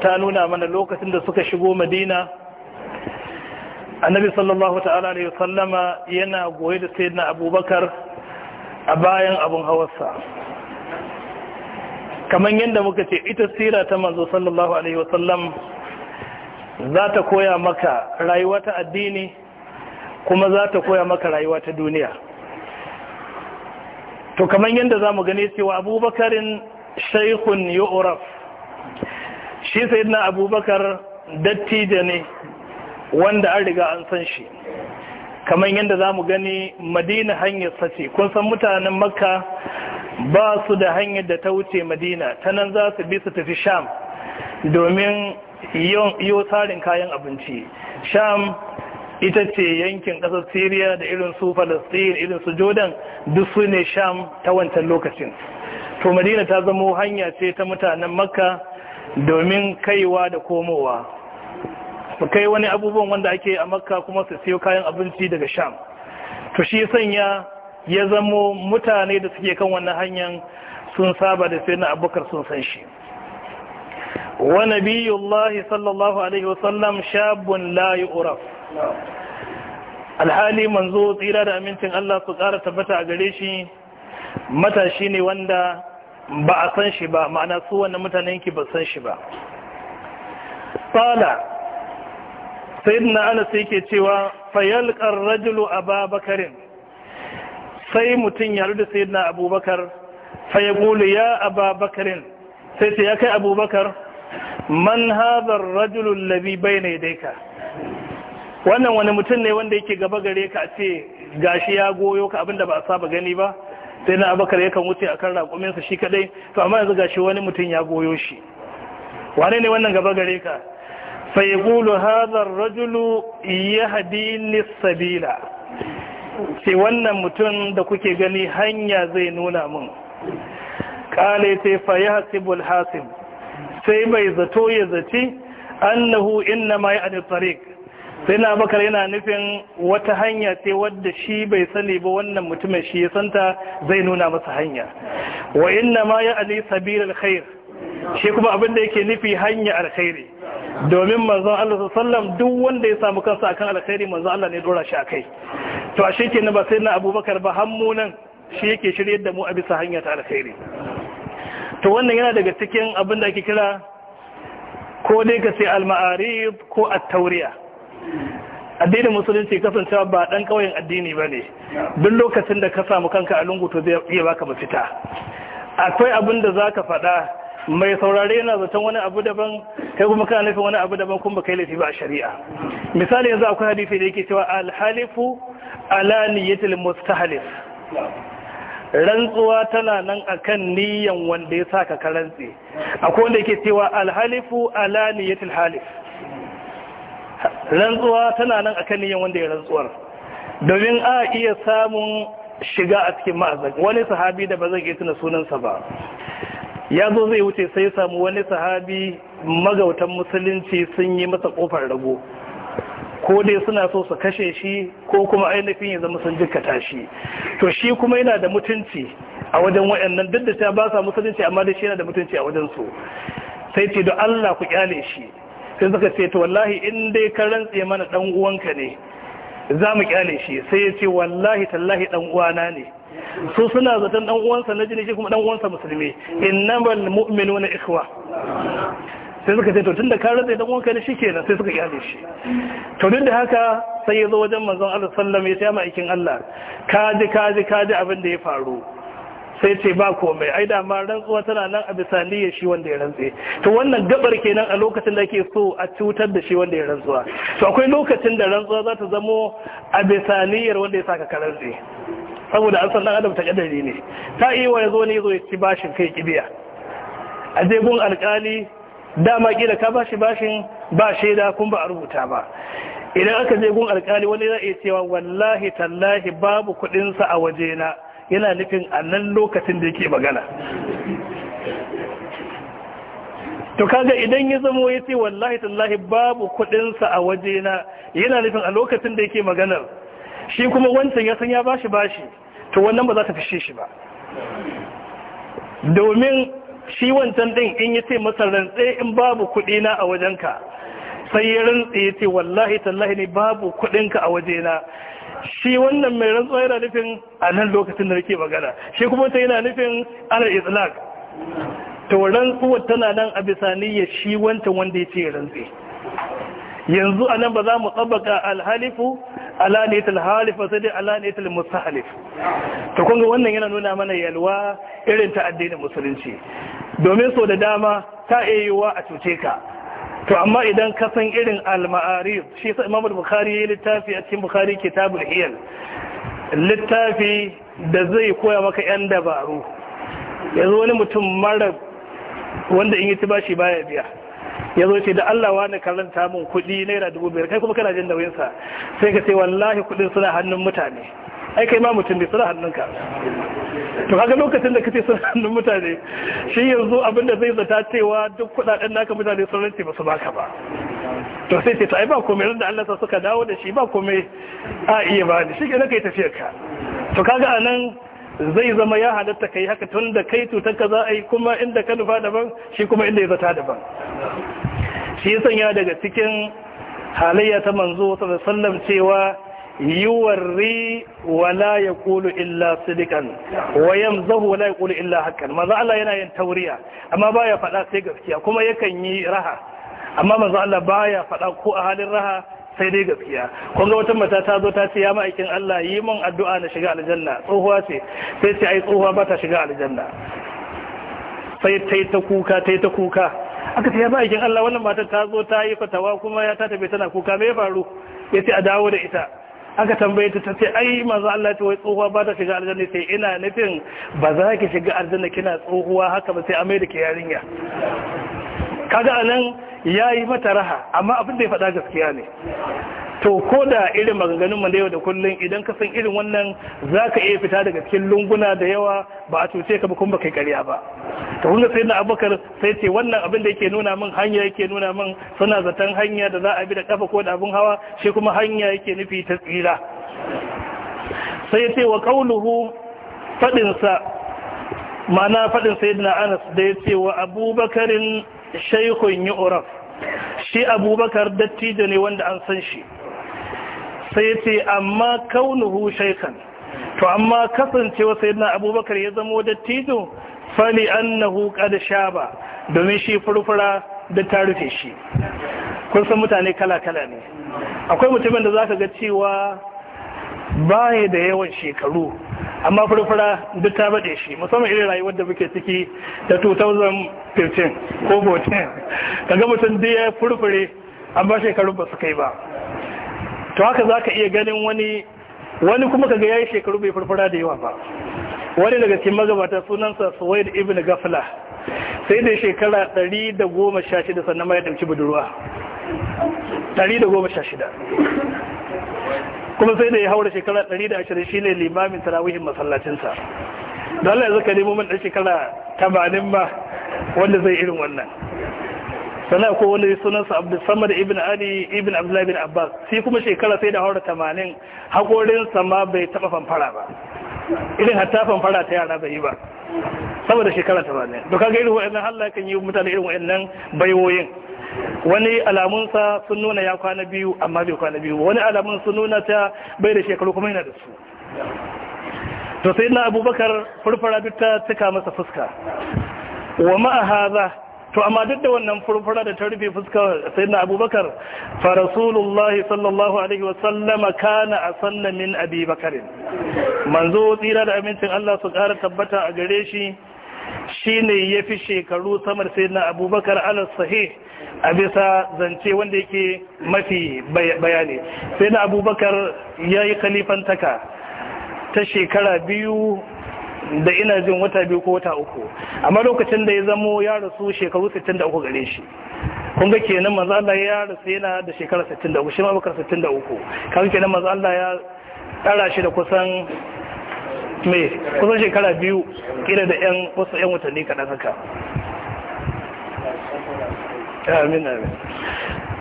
ta nuna mana lokacin da suka shigo madina annabi sallallahu ta'ala alaihi wasallama yana goye da sayyidina abubakar a bayan abun hawarsa kamar yadda muka ce ita tsira ta manzo sallallahu alaihi wasallam za ta koya maka rayuwa ta addini kuma za ta koya maka rayuwa ta duniya to kamar yadda za mu gane cewa abubakarin shaikun yu'raf shi na abubakar dattijo ne wanda an riga an san shi kamar yadda za mu gani madina hanyar sace kun san mutanen makka ba su da hanyar da ta wuce madina ta nan za su bi su tafi sham domin yiwu tsarin kayan abinci sham ita ce yankin ƙasar syria da irin su palestine irin su jordan duk su ne sham ta wancan lokacin to madina ta zamo hanya ce ta mutanen makka domin kaiwa da komowa su kai wani abubuwan wanda ake a makka kuma su siyo kayan abinci daga sham to shi sanya ya zamo mutane da suke kan wannan hanyar sun saba da sai na abokar sun san shi wa nabiyullahi sallallahu alaihi wasallam shabun la yu'raf alhali manzo tsira da amincin Allah su kara tabbata a gare shi matashi ne wanda ba a san shi ba ma'ana su wannan mutanen ki ba san shi ba fala sayyidina anas yake cewa fayalqa ar-rajulu ababakarin sai mutum ya rudu sayyidina abubakar fayaqulu ya ababakarin sai sai ya kai abubakar man hadha ar-rajulu alladhi bayna yadayka wannan wani mutum ne wanda yake gaba gare ka a ce gashi ya goyo ka abinda ba a saba gani ba sai na abakar yakan wuce a kan raƙuminsa shi kaɗai, to amma yanzu gashi wani mutum ya goyo shi wane ne wannan gaba gare ka fa yaqulu gulu hazar rajulu hadi sabila sai wannan mutum da kuke gani hanya zai nuna mun kale sai fa hasibul hasib sai mai zato ya zaci annahu inna inma adi tariq sai na bakar yana nufin wata hanya ce wadda shi bai sani ba wannan mutumin shi ya santa zai nuna masa hanya wa inna ma ya ali sabir alkhair shi kuma abin yake nufi hanya alkhairi domin manzon Allah sallam duk wanda ya samu kansa akan alkhairi manzon Allah ne dora shi akai to ashe kenan ba sai na abubakar ba hammu nan shi yake shiryar da mu a bisa hanya ta alkhairi to wannan yana daga cikin abin da ake kira ko dai ka sai al-ma'arif ko at tawriyah addinin musulunci kasancewa ba dan kauyen addini ba ne duk lokacin da ka samu kanka a lungu to zai iya baka mafita akwai abin da za ka faɗa mai saurare yana zaton wani abu daban kai kuma kana nufin wani abu daban kuma kai laifi ba a shari'a misali yanzu akwai hadisi da yake cewa alhalifu ala niyyatil mustahlif rantsuwa tana nan akan niyyan wanda ya saka ka rantsi akwai wanda yake cewa alhalifu ala niyyatil halif rantsuwa tana nan akan niyan wanda ya rantsuwar domin a iya samun shiga a cikin ma'azin wani sahabi da ba zai iya tuna sunansa ba ya zo zai wuce sai samu wani sahabi magautan musulunci sun yi masa kofar rago ko dai suna so su kashe shi ko kuma ainihin ya zama sun jikata shi to shi kuma yana da mutunci a wajen wayannan duk da ta ba sa musulunci amma da shi yana da mutunci a wajen su sai ce don Allah ku kyale shi sai suka ce to wallahi in dai ka rantse mana dan uwanka ne za mu kyale shi sai ya ce wallahi tallahi dan uwana ne su suna zaton dan uwansa na jini shi kuma dan uwansa musulmi innamal mu'minuna ikhwa sai suka ce to tunda ka rantse dan uwanka ne shikenan sai suka kyale shi to duk da haka sai ya zo wajen manzon Allah sallallahu alaihi wasallam ya ce ma aikin Allah kaji kaji kaji abin da ya faru sai ce ba komai ai da ma rantsuwa tana nan a bisa niyyar shi wanda ya rantse to wannan gabar kenan a lokacin da ake so a cutar da shi wanda ya rantsuwa to akwai lokacin da rantsuwa za ta zamo a bisa niyyar wanda ya saka karantse saboda an san dan adam ta kadari ne ta yi wa yazo ne yazo ya ci bashin kai kibiya a je gun alkali dama kila ka bashi bashin ba shaida kun ba a rubuta ba idan aka je gun alkali wani za iya cewa wallahi tallahi babu kudinsa a waje na. yana nufin a nan lokacin da yake magana to kaga idan ya zamo ya ce wallahi tallahi babu kudinsa a wajena yana nufin a lokacin da yake maganar shi kuma wancan ya san ya bashi bashi to wannan ba za ta fishe shi ba domin shi wancan din in ya ce masa rantse in babu kudina a wajenka sai ya rantse ya ce wallahi tallahi ne babu kudinka a wajena shi wannan mai rantsuwa yana nufin a nan lokacin da nake magana shi kuma ta yana nufin ala Ta to rantsuwar tana nan a ya shi wancan wanda ya ce rantsi yanzu a nan ba za mu tsabaka alhalifu alaniyatul halifa sai dai alaniyatul mustahalif to kun ga wannan yana nuna mana yalwa irin ta addinin musulunci domin so da dama ta iya yiwuwa a cuce ka to amma idan ka san irin al-ma'arif shi sai Imam Bukhari yayin littafi a cikin Bukhari Kitabul Hiyal littafi da zai koya maka yan dabaru yanzu wani mutum mara wanda in yi ci bashi baya biya ya zo ce da Allah wani karanta mun kuɗi naira dubu biyar kai kuma kana jin nauyinsa sai ka ce wallahi kuɗin suna hannun mutane ai kai ma mutum ne suna hannunka to kaga lokacin da kace suna hannun mutane shi yanzu abinda zai zata cewa duk kudaden naka mutane sun rance ba su baka ba to sai ce ai ba komai da Allah sa suka dawo da shi ba komai a iya ba ni shi ke kai tafiyar ka to kaga anan zai zama ya halatta kai haka tun da kai cutar ka za a kuma inda ka nufa daban shi kuma inda ya zata daban shi sanya daga cikin halayya ta manzo sallallahu alaihi wasallam cewa yuwarri wala ya kulu illa sidikan wa zahu wala ya kulu illa hakan maza Allah yana yin tauriya amma ba ya faɗa sai gaskiya kuma yakan yi raha amma maza Allah baya faɗa ko a halin raha sai dai gaskiya kun ga wata mata ta zo ta ce ya ma'aikin Allah yi min addu'a na shiga aljanna tsohuwa ce sai ce ai tsohuwa ba ta shiga aljanna sai ta yi ta kuka ta yi ta kuka aka ce ya ma'aikin Allah wannan matar ta zo ta yi fatawa kuma ya ta tafi tana kuka me ya faru ya ce a dawo da ita aka tambaye ta ta ce ai manzo Allah ta wai tsohuwa ba ta shiga aljanna sai ina nufin ba za ki shiga aljanna kina tsohuwa haka ba sai amai da ke yarinya kaga anan yayi mata raha amma abin da ya faɗa gaskiya ne to ko da irin maganganun mu da yau da kullun idan ka san irin wannan zaka iya fita daga cikin lunguna da yawa ba a cuce ka ba kuma kai ƙarya ba to kun sai na abubakar sai ce wannan abin da yake nuna min hanya yake nuna min suna zaton hanya da za a bi da kafa ko da abin hawa shi kuma hanya yake nufi ta tsira sai ce wa kauluhu fadinsa mana fadin sayyidina Anas da ya ce wa abubakarin shaykhun yu'raf shi abubakar dattijo ne wanda an san shi sai ce amma kaunuhu shaikan to amma kasancewa sai sayyidina abubakar ya zamo dattijo fali annahu qad shaba domin shi furfura da ta rufe shi kun san mutane kala-kala ne akwai mutumin da za ka ga cewa baya da yawan shekaru amma furfura duk ta bade shi musamman irin rayuwar da muke ciki da 2015 ko 14 kaga mutum da ya furfure amma shekaru ba su kai ba to haka za ka iya ganin wani wani kuma ga ya yi shekaru bai farfara da yawa ba wani daga cikin magabata sunansa suwaid ibn gafla sai da shekara 116 sannan ma ya ɗauki budurwa 116 kuma sai da ya haura shekara 120 shi ne limamin tarawihin masallacinsa don Allah ya zaka nemo min ɗan shekara 80 ba wanda zai irin wannan sannan ko wani sunansa abdulsamad ibn ali ibn abdullahi bin abbas shi kuma shekara sai da haura tamanin haƙorin sama bai taɓa fanfara ba irin hatta fanfara ta yara bai yi ba saboda shekara tamanin doka kaga irin wa'annan allah kan yi mutane irin wa'annan baiwoyin wani alamunsa sun nuna ya kwana biyu amma bai kwana biyu wani alamun sun nuna ta bai da shekaru kuma yana da su to sai na abubakar furfara ta cika masa fuska wa ma'a haza to amma duk da wannan furfura da ta rufe fuskar sayyidina abubakar fa rasulullahi sallallahu alaihi wa sallama kana asanna min abi bakarin manzo tsira da amincin Allah su ƙara tabbata a gare shi shine yafi shekaru samar sayyidina abubakar ala sahih a bisa zance wanda yake mafi bayani sayyidina abubakar yayi khalifantaka ta shekara biyu da ina jin wata biyu ko wata uku amma lokacin da ya zamo ya rasu shekaru 63 gare shi kun ga kenan maza Allah ya rasu yana da shekara 63 shi ma bakar 63 kan kenan maza Allah ya tsara shi da kusan me kusan shekara biyu kira da yan wasu yan watanni kaɗan haka amin amin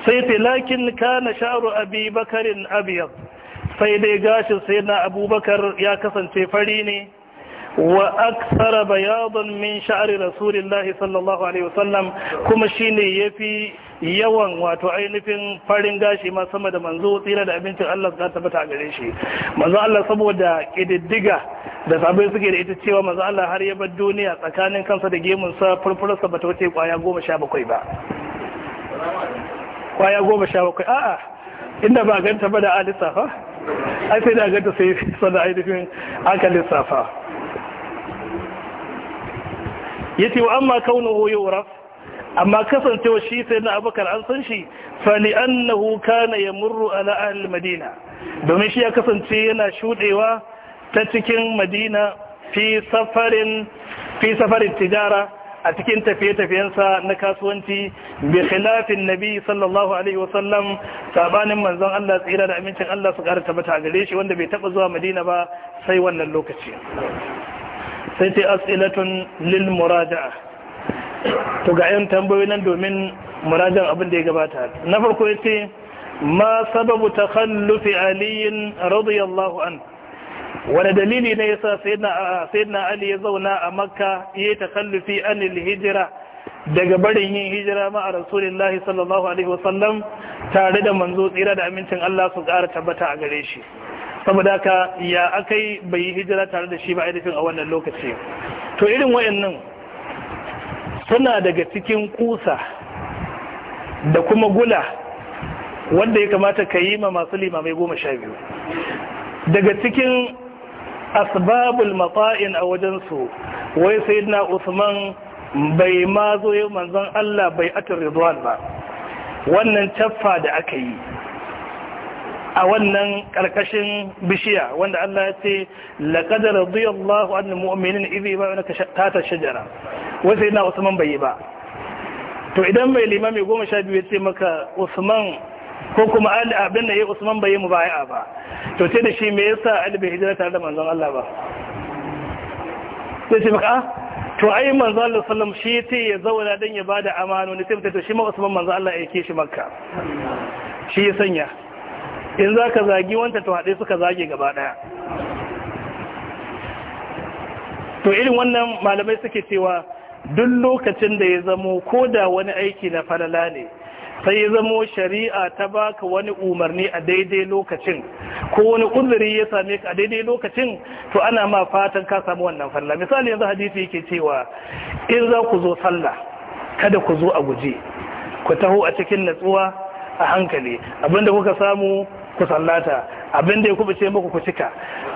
sai ce lakin kana sha'ru abi bakarin abiyar sai dai gashin sai na abubakar ya kasance fari ne وأكثر بياضا من شعر رسول الله صلى الله عليه وسلم كما شيني يفي yawan wato ainihin farin gashi ma sama da manzo tsira da abincin Allah za ta bata gare shi manzo Allah saboda kididdiga da sabai suke da ita cewa manzo Allah har ya bar duniya tsakanin kansa da gemun sa furfurarsa bata wuce kwaya 17 ba kwaya 17 a'a inda ba ganta ba da alisa fa ai sai da ganta sai sana ainihin aka lissafa yace wa amma kaunuhu yuraf amma kasancewa shi sai na abakar an san shi fali annahu kana yamurru ala ahli madina domin shi ya kasance yana shudewa ta cikin madina fi safarin fi safarin tijara a cikin tafiye-tafiyensa na kasuwanci bi khilafin nabi sallallahu alaihi wasallam sabanin manzon Allah tsira da amincin Allah su kara mata a gare shi wanda bai taba zuwa madina ba sai wannan lokaci sai sai as'ilatun lil muraja'a to ga yan tambayoyi nan domin murajan abin da ya gabata na farko yace ma sababu takhallufi aliyin radiyallahu an wani dalili ne yasa sayyidina ali ya zauna a makka ya takallufi anil hijira daga barin yin hijira ma a rasulullahi sallallahu alaihi wasallam tare da manzo tsira da amincin Allah su ƙara tabbata a gare shi saboda haka ya akai bai yi hijira tare da shi ba ainihin a wannan lokaci to irin wayannan suna daga cikin kusa da kuma gula wanda ya kamata ka yi ma masu limamai goma sha biyu daga cikin asbabul mafa'in a wajensu wai sai na usman bai ma zo yi manzon allah bai atar rizwan ba wannan caffa da aka yi a wannan karkashin bishiya wanda Allah ya ce laqad radiyallahu anil mu'minina idh yubayyinaka tata shajara wai sai na Usman bai ba to idan mai limami goma sha biyu ya ce maka Usman ko kuma Ali abin da ya Usman bai mu bai'a ba to sai da shi me yasa Ali bai hijira tare da manzon Allah ba sai ce maka ah, to ai manzon Allah wasallam shi yace ya zauna dan ya bada amano ne sai to shi ma Usman manzon Allah ya yake shi Makka shi ya sanya in za ka zagi wanta to haɗe suka zage gaba ɗaya to irin wannan malamai suke cewa duk lokacin da ya zamo ko da wani aiki na falala ne sai ya zamo shari'a ta baka wani umarni a daidai lokacin ko wani uzuri ya same ka a daidai lokacin to ana ma fatan ka samu wannan falala misali yanzu hadisi yake cewa in za ku zo sallah kada ku zo a guje ku taho a cikin natsuwa a hankali abinda kuka samu ku sallata abinda ya ce maku ku cika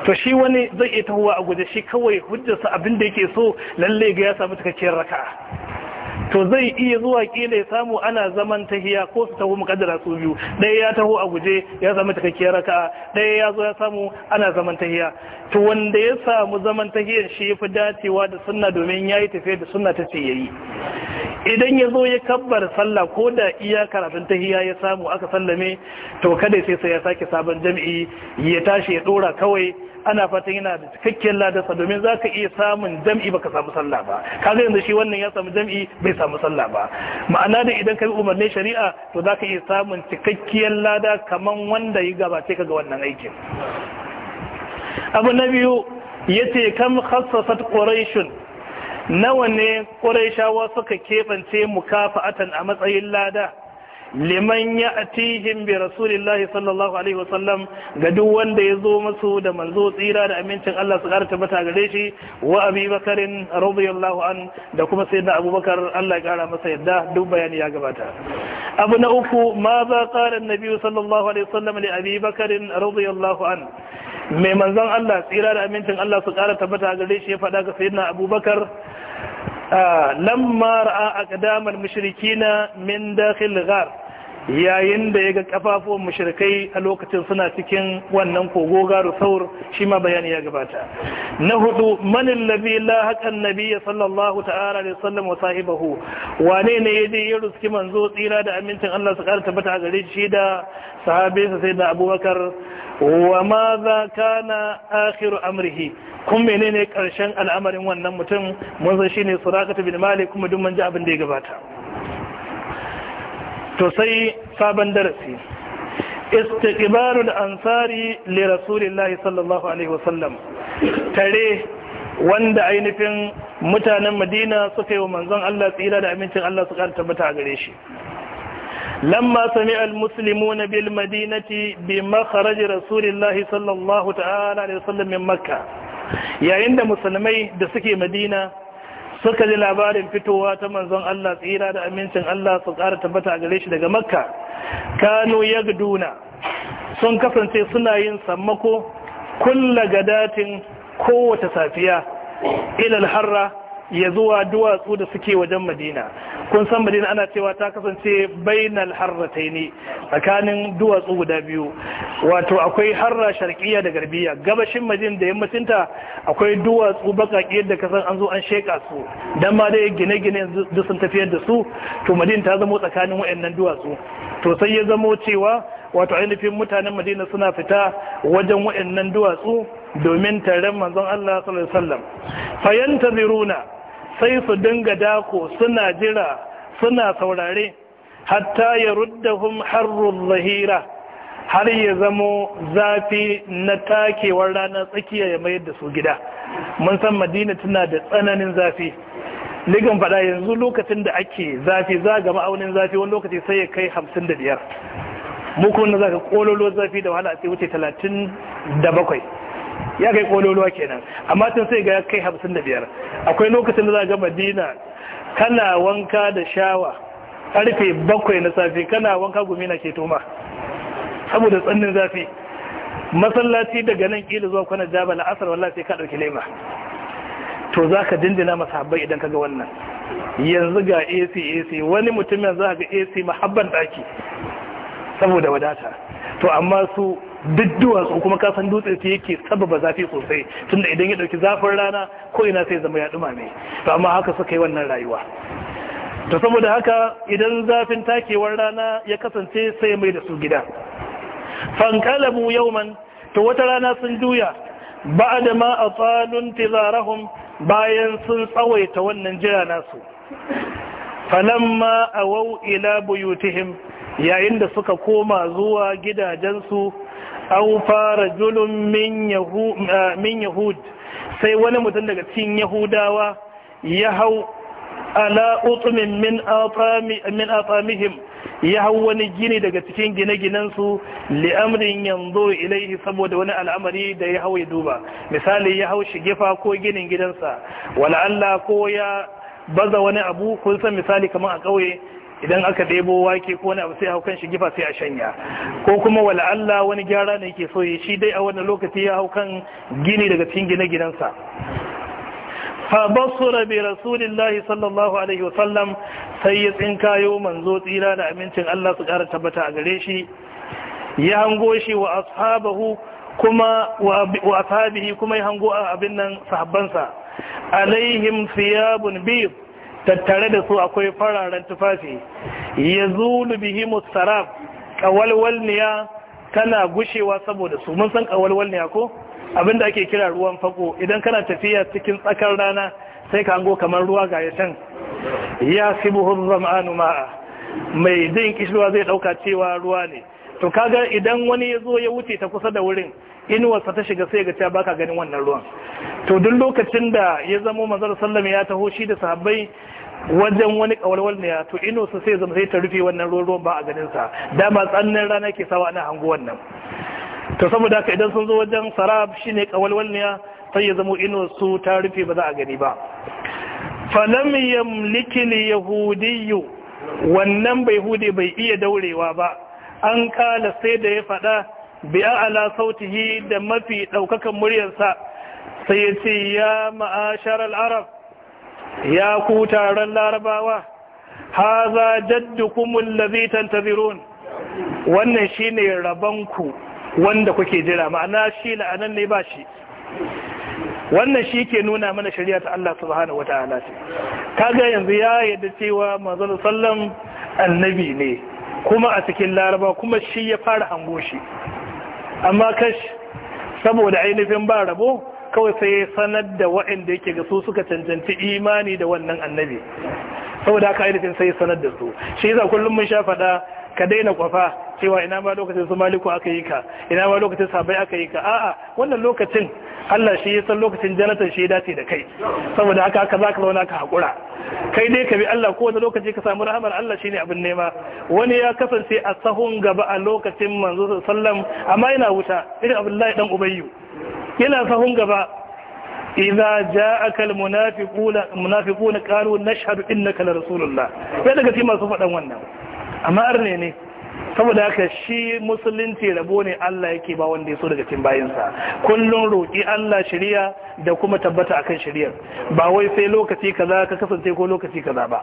to shi wani zai iya tahowa a guje shi kawai hujjarsa abinda yake so lalle ga ya samu cikakkiyar raka'a to zai iya zuwa kila ya samu ana zaman tahiya ko su taho mukaddara su biyu ɗaya ya taho a guje ya samu takakkiyar raka'a ɗaya ya zo ya samu ana zaman tahiya to wanda ya samu zaman tahiyar shi yafi dacewa da sunna domin yayi tafiya da sunna ta ce yayi idan ya zo ya kabbar sallah ko da iya karatun tahiya ya samu aka sallame to kada sai sai ya sake sabon jami'i ya tashi ya ɗora kawai ana fatan yana da cikakken ladarsa domin za ka iya samun jam'i ba ka samu sallah ba ka kaga yanzu shi wannan ya samu jam'i bai samu sallah ba ma'ana da idan ka bi umarnin shari'a to za ka iya samun cikakkiyar lada kamar wanda ya gabace ka ga wannan aikin abu na biyu ya ce kam khassasat quraishun nawa ne quraishawa suka kebance mukafa'atan a matsayin lada liman ya atihim bi rasulillahi sallallahu alaihi wasallam ga duk wanda ya zo masu da manzo tsira da amincin Allah su ƙara tabbata gare shi wa abi bakarin radiyallahu an da kuma sayyidina abubakar Allah ya ƙara masa yadda duk bayani ya gabata abu na uku ma za ƙara nabi sallallahu alaihi wasallam li abi bakarin radiyallahu an mai manzon Allah tsira da amincin Allah su ƙara tabbata gare shi ya faɗa ga sayyidina abubakar lamma ra'a aqdamal mushrikina min dakhil ghar yayin da ya ga kafafuwan mushrikai a lokacin suna cikin wannan kogo garu saur shi ma bayani ya gabata na hudu manin labi lahakan nabiya sallallahu ta'ala da Sallama sahibahu wane ne ya je ya ruski manzo tsira da amincin Allah su kara tabbata a gare shi da sahabinsa sai da abubakar wa ma za kana akhiru amrihi kun menene ƙarshen al'amarin wannan mutum mun san shine surakatu bin malik kuma duk mun ji abin da ya gabata to sai sabon darasi istiqbalul ansari li rasulillah sallallahu alaihi wasallam tare wanda ainihin mutanen madina suka yi wa manzon Allah tsira da amincin Allah su karta tabbata a gare shi lamma sami al-muslimuna bil madinati bi makharaj sallallahu ta'ala alaihi wasallam min makka yayin da musulmai da suke madina suka ji labarin fitowa ta manzon Allah tsira da amincin Allah su ƙara tabbata a gare shi daga makka kanu yagduna sun kasance suna yin sammako kulla gadatin kowace safiya ilal harra ya zuwa duwatsu da suke wajen madina kun san madina ana cewa ta kasance bainal harratai ne tsakanin duwatsu guda biyu wato akwai harra sharkiya da garbiya gabashin madina da yammacinta akwai duwatsu bakaƙe da kasan an zo an sheka su dan ma dai gine-gine da sun tafiyar da su to madina ta zamo tsakanin wayannan duwatsu to sai ya zamo cewa wato ainihin mutanen madina suna fita wajen wayannan duwatsu domin taron manzon Allah sallallahu alaihi wasallam fayantaziruna sai su dinga dako suna jira suna saurare hatta ya ruddahum harrun zahira har ya zamo zafi na takewar rana tsakiya ya mayar da su gida mun san madina tana da tsananin zafi ligan fada yanzu lokacin da ake zafi za ga ma'aunin zafi wani lokaci sai ya kai hamsin da biyar za ka kololo zafi da wahala a tsaye wuce talatin da bakwai ya kai kololuwa kenan amma tun sai ga kai hamsin da biyar akwai lokacin da za ga madina kana wanka da shawa karfe bakwai na safe kana wanka gumi na ke toma saboda tsannin zafi masallaci daga nan kila zuwa kwanar jaba la'asar wallah sai ka ɗauki lema to za ka dindina masahabbai idan ka ga wannan yanzu ga ac ac wani mutumin za ga ac mahabban daki saboda wadata to amma su duk duwatsu kuma kasan dutse su yake sababa zafi sosai tunda idan ya dauki zafin rana ko ina sai zama ya ne to amma haka suka yi wannan rayuwa to saboda haka idan zafin takewar rana ya kasance sai mai da su gida fankalabu man, to wata rana sun juya ba da ma a tsanun tizarahun bayan sun tsawaita wannan jira nasu falamma awau ila buyutihim yayin da suka koma zuwa gidajensu an fara julun min yahud sai wani mutum daga cikin yahudawa ya hau ala min afamihim ya hau wani gini daga cikin gine-ginensu li'amrin yanzu ilaihi saboda wani al'amari da ya hau ya duba misali ya hau shigefa ko ginin gidansa Allah ko ya baza wani abu kun san misali kamar a ƙauye idan aka ɗebo wake ko wani abu sai hau kan shi gifa sai a shanya ko kuma wala Allah wani gyara ne yake so shi dai a wannan lokaci ya hau kan gini daga cikin gine-ginensa basura bi rasulillahi sallallahu alaihi wasallam sai ya tsinka tsinkayo manzo tsira da amincin Allah su kara tabbata a gare shi ya hango shi wa ashabahu kuma wa ashabihi kuma ya hango abin nan sahabbansa alaihim thiyabun bayd tattare da su akwai fararen tufafi ya zulu bihi mustarab niya tana gushewa saboda su mun san niya ko abinda ake kira ruwan fako idan kana tafiya cikin tsakar rana sai ka hango kamar ruwa ga ya can ya sibuhu zam'anu ma'a mai din kishirwa zai ɗauka cewa ruwa ne to kaga idan wani ya zo ya wuce ta kusa da wurin inuwarsa ta shiga sai ga cewa baka ganin wannan ruwan to duk lokacin da ya zamo manzon sallama ya taho shi da sahabbai wajen wani kawalwal ne to inuwarsa sai zama sai ta rufe wannan ruwan ruwan ba a ganin sa dama tsannin rana ke sawa ana hango wannan to saboda haka idan sun zo wajen sarab shine kawalwal ne sai ya zamo inuwarsu ta rufe ba za a gani ba falam yamliki al-yahudiyyu wannan bai hude bai iya daurewa ba an kala sai da ya faɗa biya ala sautihi da mafi ɗaukakan muryarsa sai ya ce ya ma'ashar al'arab ya ku taron larabawa haza jaddukumul ta tantazirun wannan shine rabanku wanda kuke jira ma'ana shi la'anan ne ba shi wannan shi ke nuna mana shari'a ta Allah subhanahu wata'ala ce ga yanzu ya yadda cewa manzon sallam annabi ne kuma a cikin laraba kuma shi ya fara hango shi amma kash saboda ainihin ba rabo kawai sai ya sanar da waɗanda yake ga su suka cancanci imani da wannan annabi saboda haka ainihin sai ya sanar da su shi yasa kullum mun sha faɗa ka daina kwafa cewa ina ma lokacin su maliku aka yi ka ina ma lokacin sabai aka yi ka a'a wannan lokacin Allah shi ya san lokacin jannatin shi ya dace da kai saboda haka haka zaka zauna ka hakura kai dai ka bi Allah ko wani lokaci ka samu rahmar Allah shine abin nema wani ya kasance a sahun gaba a lokacin manzo sallam amma yana wuta irin Abdullahi dan Ubayyu yana sahun gaba idza ja'aka almunafiquna munafiquna qalu nashhadu innaka larasulullah rasulullah sai daga cikin masu faɗan wannan amma arne ne saboda haka shi musulunci rabo ne Allah yake ba wanda ya so daga cikin bayansa kullum roki Allah shari'a da kuma tabbata akan shari'ar ba wai sai lokaci kaza ka kasance ko lokaci kaza ba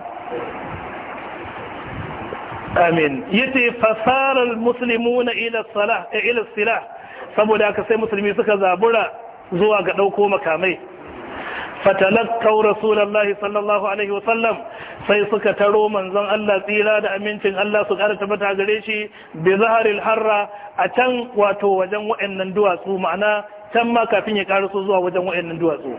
amin yace fasara almuslimuna ila salah ila silah saboda haka sai musulmi suka zabura zuwa ga dauko makamai fatalakau rasulallahi sallallahu alaihi wasallam sai suka taro manzon Allah tsira da amincin Allah su kara tabbata gare shi bi zaharil harra a can wato wajen waɗannan duwatsu ma'ana can ma kafin ya ƙaraso zuwa wajen waɗannan duwatsu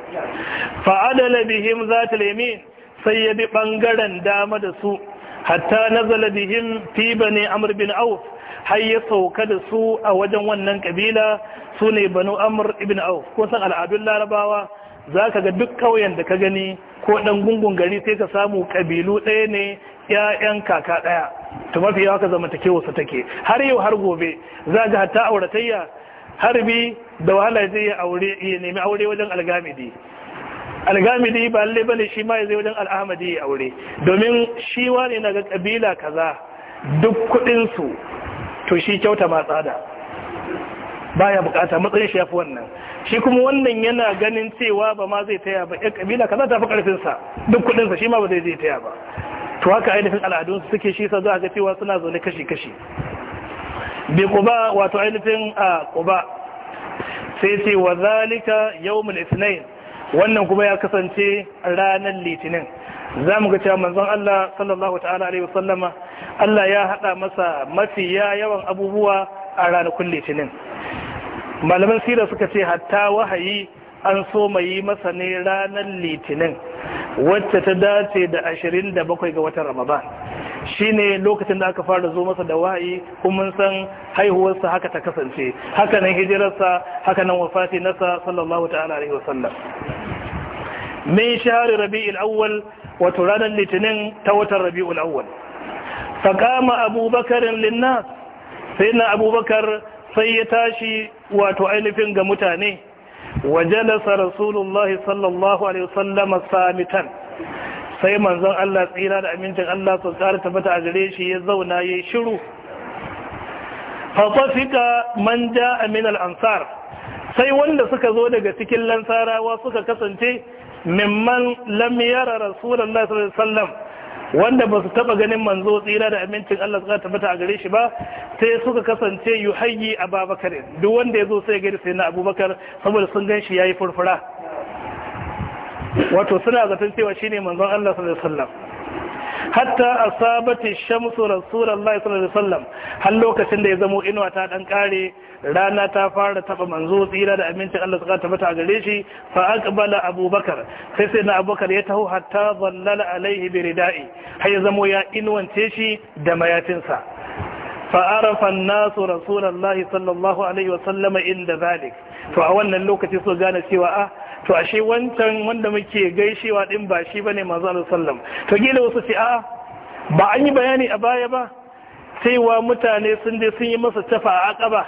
fa'adala bihim zatul yamin sai ya bi ɓangaren dama da su hatta nazala bihim fi bani amr bin auf har ya sauka da su a wajen wannan kabila su ne banu amr ibn auf kun san al'adun larabawa za ka ga duk ƙauyen da ka gani ko ɗan gungun gari sai ka samu ƙabilu ɗaya ne ‘ya'yan kaka ɗaya to mafi yawa ka take wasu take har yau har gobe za ga hatta auratayya harbi da wahala zai aure ya nemi aure wajen algamidi algamidi ba lalle bane shi ma zai wajen al'ahmadi ya aure domin shi wane na ga kabila kaza duk kuɗinsu to shi kyauta ma tsada baya bukata matsayin shi yafi wannan shi kuma wannan yana ganin cewa ba ma zai taya ba yan kabila kaza ta fi karfinsa duk kudinsa shi ma ba zai zai taya ba to haka ainihin al'adunsu suke shi sa za a ga cewa suna zaune kashi-kashi bi kuba wato ainihin a kuba sai ce wa zalika yawmul isnain wannan kuma ya kasance ranar litinin za mu ga cewa manzon Allah sallallahu ta'ala alaihi wasallama Allah ya haɗa masa mafi yawan abubuwa a ranakun litinin malaman sira suka ce hatta wahayi an so mai masa ne ranar litinin wacce ta dace da 27 ga watan ramadan ne lokacin da aka fara zo masa da wahayi kuma san haihuwarsa haka ta kasance haka nan hijirarsa haka nan wafati nasa sallallahu ta'ala alaihi wasallam min shahri rabi'ul awwal wato ranar litinin ta watan rabi'ul awwal faqama abubakar linnas nas sayyidina abubakar sai ya tashi wato ainihin ga mutane wajalasa rasulullahi sallallahu alaihi wasallam samitan sai manzon Allah tsira da amincin Allah su tsara tabbata a gare shi ya zauna yayi shiru fatafika man jaa min al-ansar sai wanda suka zo daga cikin lansarawa suka kasance mimman lam yara sallallahu alaihi wasallam wanda ba su taba ganin manzo tsira da amincin Allah ta tabbata a gare shi ba sai suka kasance hayyi ababakar duk wanda ya zo sai gari sai na abubakar saboda sun gan shi ya yi furfura wato suna zaton cewa shi ne manzon Allah sallallahu alaihi wasallam hatta a asabati shamsu rasulullahi sallallahu alaihi sallam har lokacin da ya zamo inuwa ta dan kare rana ta fara taba manzo tsira da amincin Allah ta tabbata a gare shi fa aqbala abubakar sai sai na abubakar ya taho hatta zallala alaihi bi rida'i har ya zamo ya inuwance shi da mayatinsa sallallahu alaihi wa الله inda الله To a wannan ذلك فأولا gane cewa سواء ah, to ashe wancan wanda muke gaishewa din ba shi bane manzo Allah sallam to gele wasu ce a ba an yi bayani a baya ba sai wa mutane sun je sun yi masa tafa a akaba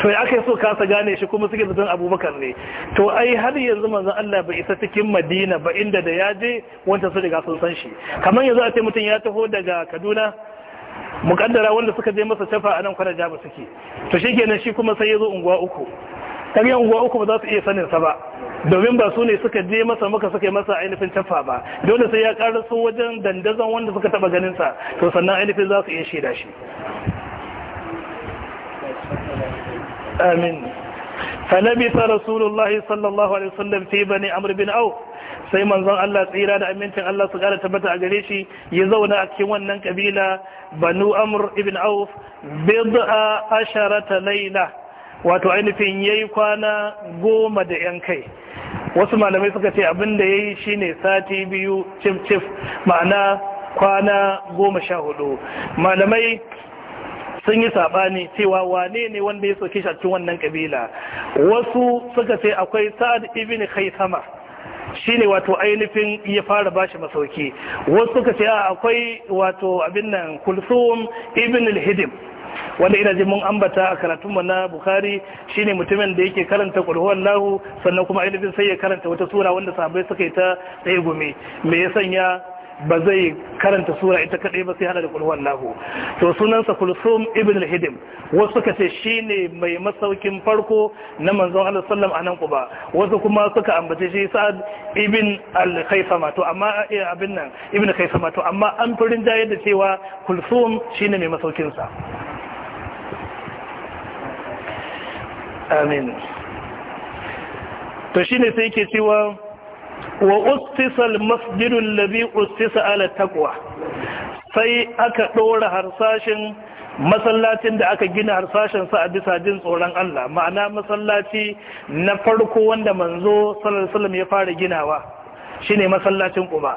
to ya kai so ka sa gane shi kuma suke zaton abubakar ne to ai har yanzu manzo Allah bai isa cikin madina ba inda da ya je wancan su riga sun san shi kamar yanzu a ce mutum ya taho daga kaduna mukaddara wanda suka je masa tafa a nan kwana jabu suke to shi kenan shi kuma sai ya zo unguwa uku har yan uwa uku ba za su iya sanin sa ba domin ba su ne suka je masa maka suka yi masa ainihin tafa ba dole sai ya kara su wajen dandazon wanda suka taba ganin sa to sannan ainihin za su iya shaida shi amin falabi ta rasulullahi sallallahu alaihi عليه fi في بني bin au sai manzon Allah tsira da amincin Allah su kara tabbata a gare shi ya zauna a cikin wannan kabila banu amr ibn auf bid'a asharata layla wato ainihin ya yi kwana goma da 'yan kai wasu malamai suka ce da ya yi shi ne sati biyu cif-cif ma'ana kwana goma sha hudu malamai sun yi saɓani cewa wane ne wanda ya soke shi a cikin wannan kabila wasu suka ce akwai sa'ad ibn sama shi ne wato ainihin ya fara bashi masauki wasu suka ce akwai wato abin nan kulsum ibn al-hidim wanda ina jin mun ambata a karatun mu na bukhari shine mutumin da yake karanta qur'an Allah sannan kuma ainihin sai ya karanta wata sura wanda sahabbai suka yi ta tsaye gume me ya sanya ba zai karanta sura ita kadai ba sai hada da Qur'an Allah. to sunansa kulsum ibn al-hidim wasu suka ce shine mai masaukin farko na manzon Allah sallam anan kuba wasu kuma suka ambace shi sa'ad ibn al-khaisama to amma eh, abin nan ibn khaisama to amma an furin da cewa kulsum shine mai masaukin sa amin to shi ne sai ke cewa wa ustisal masjidun labi ustisa ala taqwa sai aka ɗora harsashin masallacin da aka gina harsashin sa a bisa jin tsoron Allah ma'ana masallaci na farko wanda manzo sallallahu alaihi ya fara ginawa Shi ne masallacin kuba,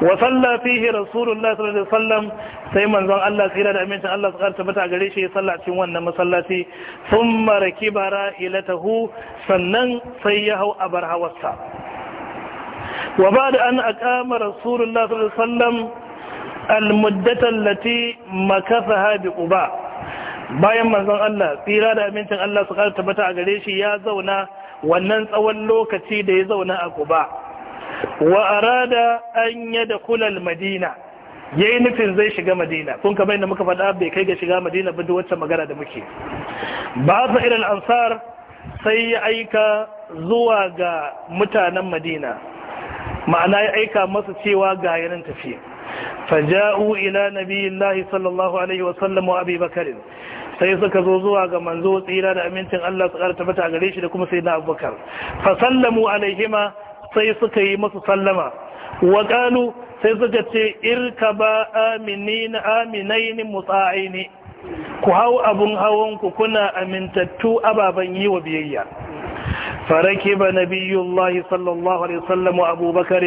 wa salla fihi Rasulullah sallallahu alaihi wasallam sai manzon Allah tsira da amincin Allah su karta mata gare shi sallacin wannan masallaci thumma rakiba ra'ilatahu sannan sai ya hau abar hawarsa wa ba'da an aqama Rasulullah sallallahu wasallam al-muddata allati makafaha bi Quba bayan manzon Allah tsira da amincin Allah su karta a gare shi ya zauna wannan tsawon lokaci da ya zauna a Quba wa arada an kulal madina ya yi nufin zai shiga madina kun kamar yadda muka faɗa bai kai ga shiga madina ba da wacce magana da muke ba su irin ansar sai ya aika zuwa ga mutanen madina ma'ana ya aika masu cewa ga yanin tafi. faja'u ila nabiyillahi sallallahu alaihi wasallam wa abi bakarin sai suka zo zuwa ga manzo tsira da amincin Allah su ƙara tabbata gare shi da kuma sai na abubakar fasallamu alaihima sai suka yi masu sallama Wakalu sai suka ce irka ba amini na aminaini mutsa'ini ku hau abun hawanku kuna amintattu ababen yi wa biyayya فركب نبي الله صلى الله عليه sallam wa بكر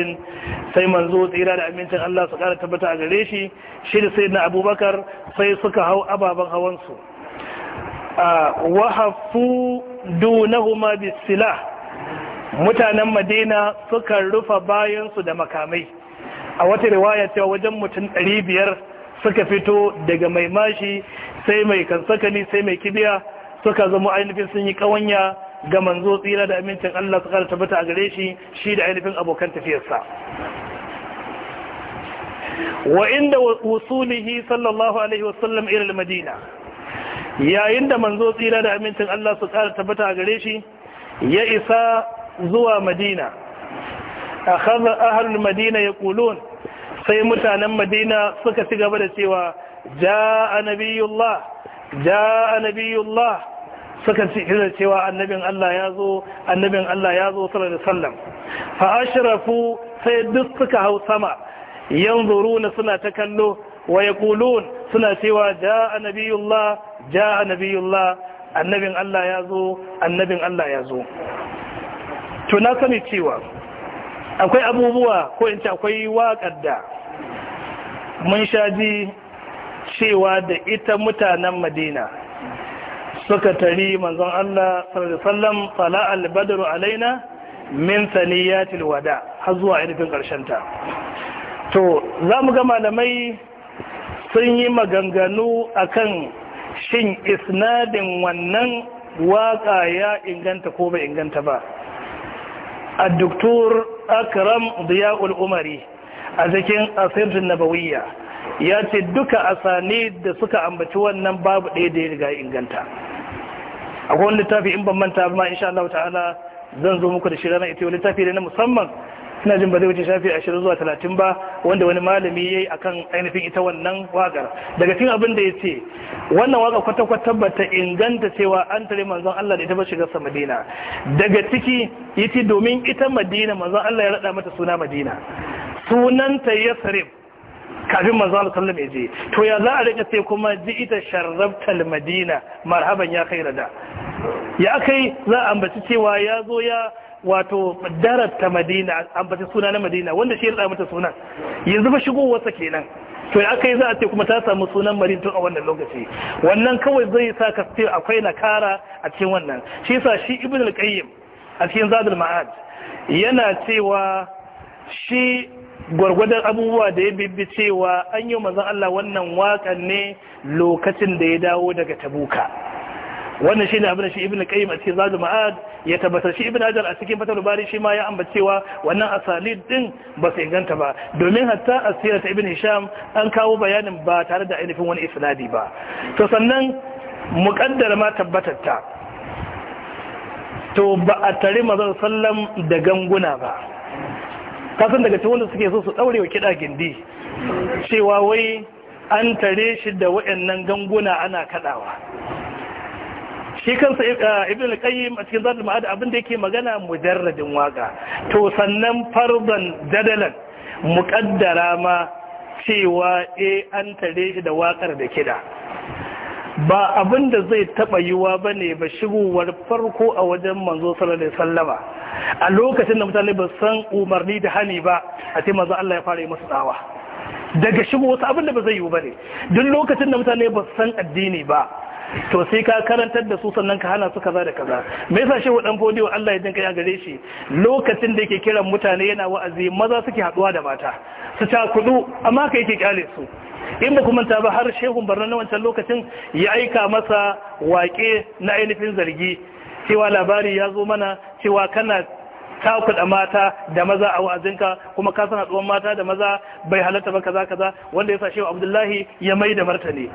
sai manzo tsira da amincin Allah su kara tabbata a gare shi shi da na abubakar sai suka hau ababen hawansu wa hafu dunahuma bisila mutanen madina suka rufa bayansu da makamai a wata riwaya cewa wajen mutum ɗari biyar suka fito daga mai mashi sai mai kansakani sai mai kibiya suka zama ainihin sun yi kawanya ga manzo tsira da amincin Allah su tabbata a gare shi shi da ainihin abokan tafiyarsa wa inda wusulihi sallallahu alaihi wasallam ila madina yayin da manzo tsira da amincin Allah su kara tabbata a gare shi ya isa zuwa madina a hannun ahalul madina ya kulun sai mutanen madina suka ci gaba da cewa ja a nabiyullah ja a nabiyullah suka ci da cewa annabin Allah ya zo annabin Allah ya zo sallallahu sallam wasallam fa ashrafu sai duk suka hau sama yanzuruna suna ta kallo wa yaqulun suna cewa jaa nabiyullah jaa nabiyullah annabin Allah ya zo annabin Allah ya zo to na sani cewa akwai abubuwa ko in ce akwai waƙar da mun sha ji cewa da ita mutanen madina suka tari manzon Allah sallallahu fala Albadaru alaina min saniyatil wada har zuwa irin karshen ta to zamu ga malamai sun yi maganganu akan shin isnadin wannan waka ya inganta ko bai inganta ba A الدكتور أكرم ضياء الأمري أذكين أصير النبوية ya ce duka asani da suka ambaci wannan babu ɗaya da ya riga inganta akwai wani littafi in ban manta ma insha Allah ta'ala zan zo muku da shi ranar ita littafi da na musamman ina jin ba zai wuce shafi shirin zuwa talatin ba wanda wani malami ya yi akan ainihin ita wannan wakar daga cikin abin da ya ce wannan wagar kwata-kwata ba ta inganta cewa an tare manzon Allah da ita ba shiga sa Madina daga ciki ya ce domin ita Madina manzon Allah ya rada mata suna Madina sunanta Yathrib kafin manzon Allah sallallahu alaihi wasallam to ya za a rika sai kuma ji ita sharrabtal madina marhaban ya kai rada ya kai za a ambaci cewa ya zo ya wato darar ta madina ambaci suna na madina wanda shi ya rada mata sunan yanzu ba wasa kenan to ya aka yi za a ce kuma ta samu sunan marin tun a wannan lokaci wannan kawai zai sa ka ce akwai nakara a cikin wannan shi sa shi ibn al-qayyim a cikin zadul ma'ad yana cewa shi gwargwadon abubuwa da ya bibbi cewa an yi mazan Allah wannan wakan ne lokacin da ya dawo daga tabuka wannan shi ne abin da shi ibnu qayyim a cikin ma'ad ya tabbatar shi ibnu hajar a cikin fatar bari shi ma ya ambacewa wannan asali din ba su inganta ba domin hatta asirar ta ibnu hisham an kawo bayanin ba tare da ainihin wani isnadi ba to sannan muqaddar ma tabbatar ta to ba a tare mazan sallam da ganguna ba kasan daga cikin wanda suke so su daure wa kida gindi cewa wai an tare shi da wayannan ganguna ana kadawa shi kansa eh, ibn al-qayyim a cikin zadul ma'ada abin da yake magana mujarradin waka to sannan fardan dadalan muqaddara ma cewa eh an tare shi da wakar da kida ba abin da zai taba yiwa bane ba shigowar farko a wajen manzo sallallahu alaihi wasallama a lokacin da mutane ba san umarni da hani ba a ce manzo Allah ya fara yi musu tsawa daga shigo wasu abin da ba zai yiwu bane duk lokacin da mutane ba san addini ba to sai ka karantar da su sannan ka hana su kaza da kaza me yasa shehu dan fodiyo Allah ya dinka ya gare shi lokacin da yake kiran mutane yana wa'azi maza suke haduwa da mata su ta kudu amma kai yake kyale su in ba kuma ta ba har shehun barna na wancan lokacin ya aika masa waƙe na ainihin zargi cewa labari ya zo mana cewa kana da mata da maza a wa'azinka kuma ka san haduwan mata da maza bai halatta ba kaza kaza wanda yasa shehu abdullahi ya mai da martani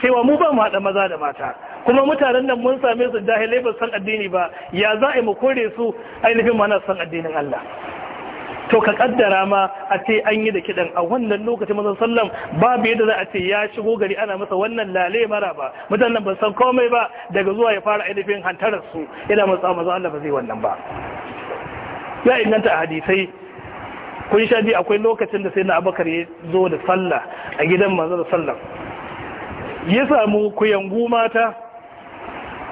cewa mu ba mu haɗa maza da mata kuma mutanen nan mun same su jahilai ba san addini ba ya za a mu kore su ainihin mana san addinin Allah to ka kaddara ma a ce an yi da kidan a wannan lokacin mazan sallam babu yadda za a ce ya shigo gari ana masa wannan lale mara ba mutanen ba san komai ba daga zuwa ya fara ainihin hantarar su yana matsa maza Allah ba zai wannan ba ya inganta a hadisai kun sha akwai lokacin da sai na abakar ya zo da sallah a gidan mazan sallam ya samu kuyangu mata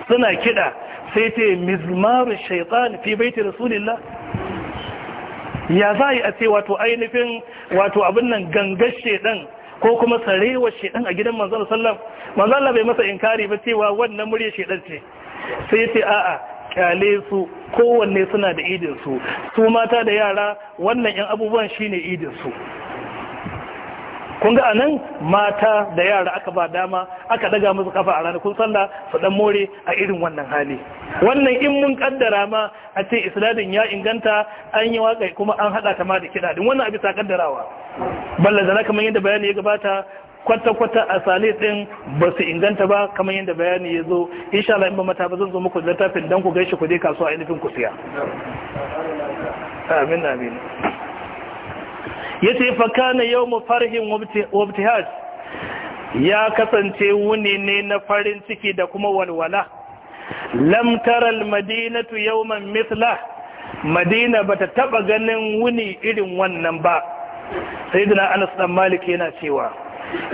suna kiɗa sai ce mizmaru shaitan fi baiti rasulillah ya za a ce wato ainihin wato abin nan gangar shaidan ko kuma sarewar shaidan a gidan manzan sallam manzan bai masa inkari ba cewa wannan murya shaidan ce sai ce a'a kyale su kowanne suna da idinsu su mata da yara wannan yan abubuwan shine idinsu kun ga anan mata da yara aka ba dama aka daga musu kafa a ranakun sallah su dan more a irin wannan hali wannan in mun kaddara ma a ce isladin ya inganta an yi wakai kuma an hada ta ma da kiɗa din wannan abin ta kaddarawa balla zana kamar yadda bayani ya gabata kwata-kwata a sale din ba su inganta ba kamar yadda bayani ya zo insha Allah in ba mata ba zan zo muku da littafin dan ku gaishe ku je kasuwa ainihin ku siya amin amin yace fa yau yawmu farhin wabtihaj ya kasance wuni ne na farin ciki da kuma walwala lam tara almadinatu yawman mithla madina bata taba ganin wuni irin wannan ba sayyidina Anas dan Malik yana cewa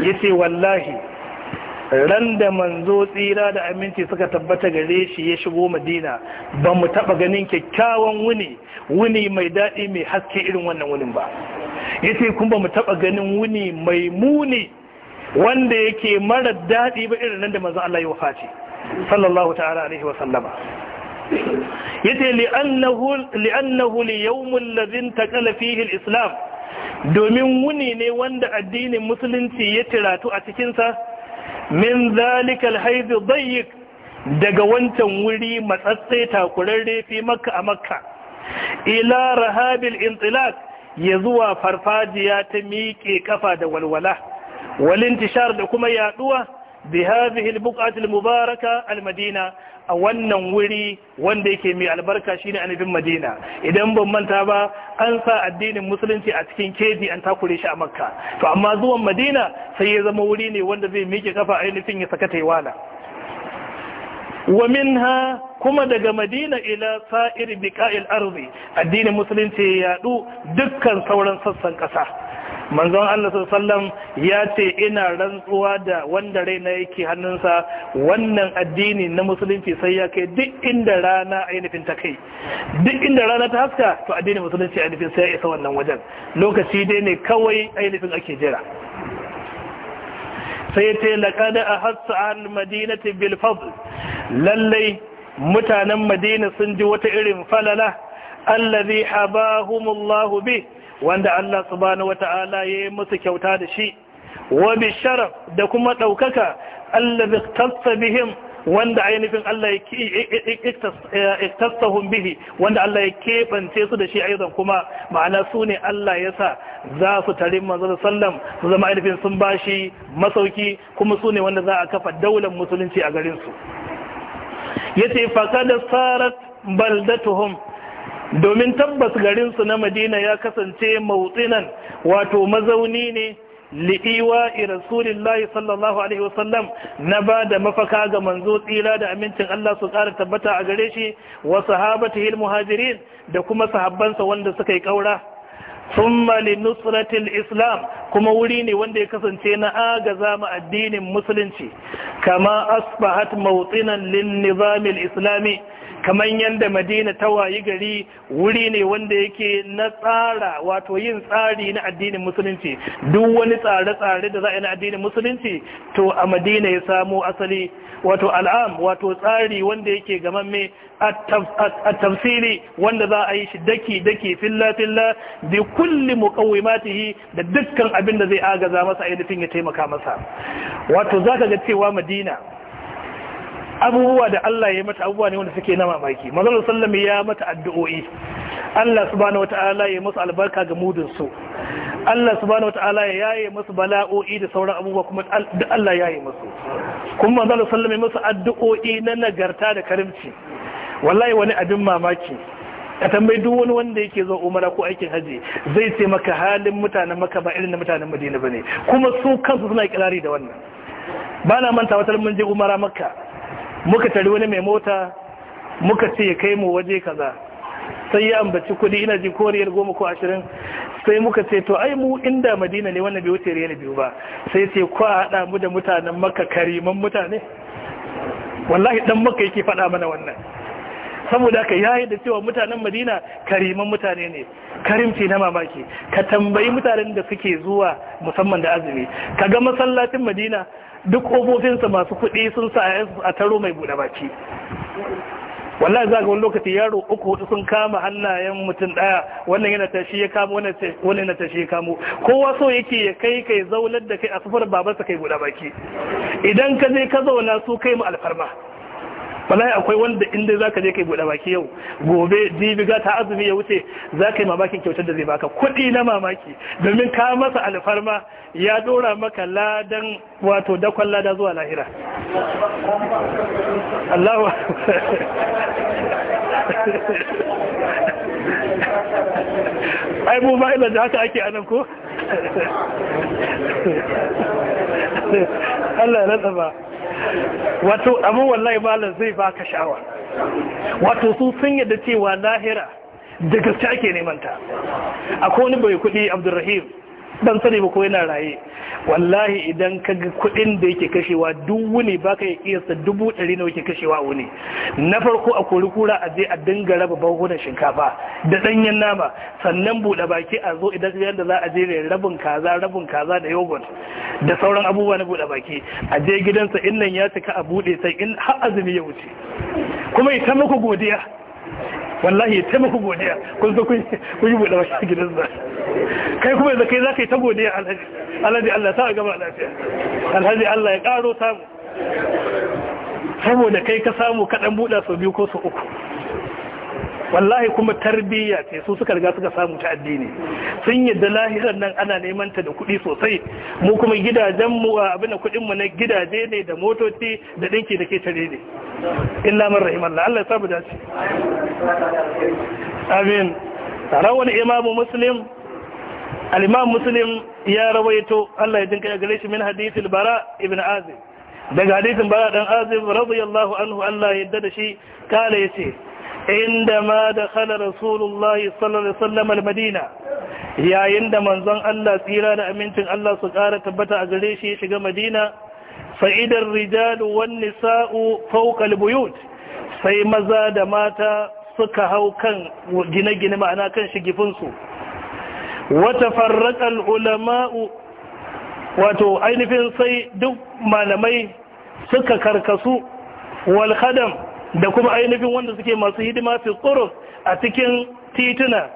yace wallahi ran da manzo tsira da aminci suka tabbata gare shi ya shigo madina ba mu taba ganin kyakkyawan wuni wuni mai daɗi mai haske irin wannan wunin ba yace kuma ba mu taba ganin wuni mai muni wanda yake mara daɗi ba irin nan da manzo Allah ya wafaci sallallahu ta'ala alaihi wa sallama yace li'annahu li'annahu liyawmul ladhin taqala fihi al-islam domin wuni ne wanda addinin musulunci ya tiratu a cikin sa min zalika al-hayd dayyik daga wancan wuri matsatse takurarre fi makka a makka ila rahabil intilaq ya zuwa farfajiya ta miƙe kafa da walwala walintishar da kuma yaduwa bi hadhihi mubaraka almubaraka almadina a wannan wuri wanda yake mai albarka shine anabin madina idan ban manta ba an sa addinin musulunci a cikin keji an takure shi a makka to amma zuwan madina sai ya zama wuri ne wanda zai miƙe kafa ainihin ya saka taiwala wa minha kuma daga madina ila Bika'il Arzi addinin musulunci ya yadu dukkan sauran sassan kasa manzon Allah sallallahu ya ce ina rantsuwa da wanda raina yake hannunsa wannan addini na musulunci sai ya kai duk inda rana ainihin ta kai duk inda rana ta haska to addinin musulunci ainihin sai ya isa wannan wajen lokaci dai ne kawai ainihin ake jira sai ta laƙada a hatsa al-madinati bil lallai mutanen madina sun ji wata irin falala allazi habahumullahu bi wanda Allah subhanahu wata'ala ya yi musu kyauta da shi wa bi sharaf da kuma ɗaukaka allazi tassa wanda ainihin Allah ya iktastahum eh, bihi wanda Allah ya keɓance su da shi aizan kuma ma'ana su ne Allah ya sa za su tare manzon sallam su zama ainihin sun bashi masauki kuma su ne wanda za a kafa daular musulunci a garinsu ya ce faka da sarat baldatuhun domin tabbas garinsu na Madina ya kasance mautsinan wato mazauni ne li'iwa'i rasulillahi sallallahu alaihi wasallam na ba da mafaka ga manzo tsira da amincin Allah su ƙara tabbata a gare shi wa sahabatihi almuhajirin da kuma sahabbansa wanda suka yi ƙaura thumma li nusratil islam kuma wuri ne wanda ya kasance na agaza ma addinin musulunci kama asbahat mawtinan lin nizamil islami kamar yadda madina ta wayi gari wuri ne wanda yake na tsara wato yin tsari na addinin musulunci duk wani tsare-tsare da za a yi na addinin musulunci to a madina ya samo asali wato al'am wato tsari wanda yake gamamme a tafsiri wanda za a yi shi daki-daki filla-filla da kulli mukawimatihi da dukkan abin da zai agaza masa ainihin ya taimaka masa wato za ka ga cewa madina abubuwa da Allah ya mata abubuwa ne wanda suke na mamaki manzon sallallahu ya mata addu'o'i Allah subhanahu wataala ya musu albarka ga mudun su Allah subhanahu wataala ya yaye musu bala'o'i da sauran abubuwa kuma duk Allah ya yaye musu kuma manzon sallallahu musu addu'o'i na nagarta da karimci wallahi wani abin mamaki ka tambayi duk wani wanda yake zo umara ko aikin haji zai ce maka halin mutanen maka ba irin na mutanen madina bane kuma su kansu suna kirari da wannan ba na manta wata mun je umara makka muka tari wani mai mota muka ce ya kai mu waje kaza sai ya ambaci kudi ina ji koriyar goma ko ashirin sai muka ce to ai mu inda madina ne wannan bai wuce riyal biyu ba sai ce kwa haɗa mu da mutanen maka kariman mutane wallahi dan maka yake faɗa mana wannan saboda ka yayi da cewa mutanen madina kariman mutane ne karimci na mamaki ka tambayi mutanen da suke zuwa musamman da azumi ka ga masallacin madina duk ofofinsa masu kuɗi sun sa a taro mai buɗe baki wallahi za wani lokaci yaro uku hudu sun kama hannayen mutum daya wannan yana tashi ya kamo wannan yana tashi ya kamo kowa so yake ya kai kai zaunar da kai a sufar babarsa kai buɗe baki idan ka je ka zauna su kai mu alfarma wallahi akwai wanda in dai zaka je kai bude baki yau gobe dibi ga ta azumi ya wuce zaka yi mamakin kyautar da zai baka kuɗi na mamaki domin ka masa alfarma ya dora maka ladan wato dakon lada zuwa lahira Allahu ai mu ba ila da haka ake anan ko Allah ya rasa ba wato amma wallahi malam zai baka sha'awa wato sun sun yadda cewa lahira da gaske ake neman ta akwai wani bai kudi abdurrahim dan sani ba ko yana raye wallahi idan ka ga kuɗin da yake kashewa duk wuni ba ka iya sa dubu ɗari na yake kashewa wuni na farko a kori kura a je a dinga raba bangunan shinkafa da ɗanyen nama sannan buɗe baki a zo idan yadda za a je rabin kaza rabin kaza da yogurt da sauran abubuwa na buɗe baki a je gidansa in nan ya cika a buɗe sai in har azumi ya wuce kuma ita muku godiya wallahi ya taimaka godiya kun zo kun yi buɗe mashi gidan za kai kuma da kai za ka yi ta godiya alhaji alhaji Allah ta gama lafiya alhaji Allah ya ƙaro samu saboda kai ka samu kaɗan buɗa sau biyu ko sau uku wallahi kuma tarbiyya ce su suka riga suka samu ta addini sun yadda lahirar nan ana neman ta da kuɗi sosai mu kuma gidajen mu a abin kuɗin mu na gidaje ne da motoci da dinki da ke tare ne illa man rahimallah Allah ya da shi amin rawan imamu muslim al-imam muslim ya rawaito Allah ya dinka gare shi min hadith bara ibn azib daga hadisin bara dan azib radiyallahu anhu Allah ya yadda da shi kala yace عندما دخل رسول الله صلى الله عليه وسلم yayin da manzon Allah tsira da amincin Allah su kara tabbata a gare shi ya shiga Madina fa'idar rijalu wan nisa'u fawqa albuyut sai maza da mata suka hau kan gine-gine ma'ana kan shigifin su wa tafarraqa ulama'u wato ainihin sai duk malamai suka karkasu wal khadam da kuma ainihin wanda suke masu hidima fi tsoro a cikin tituna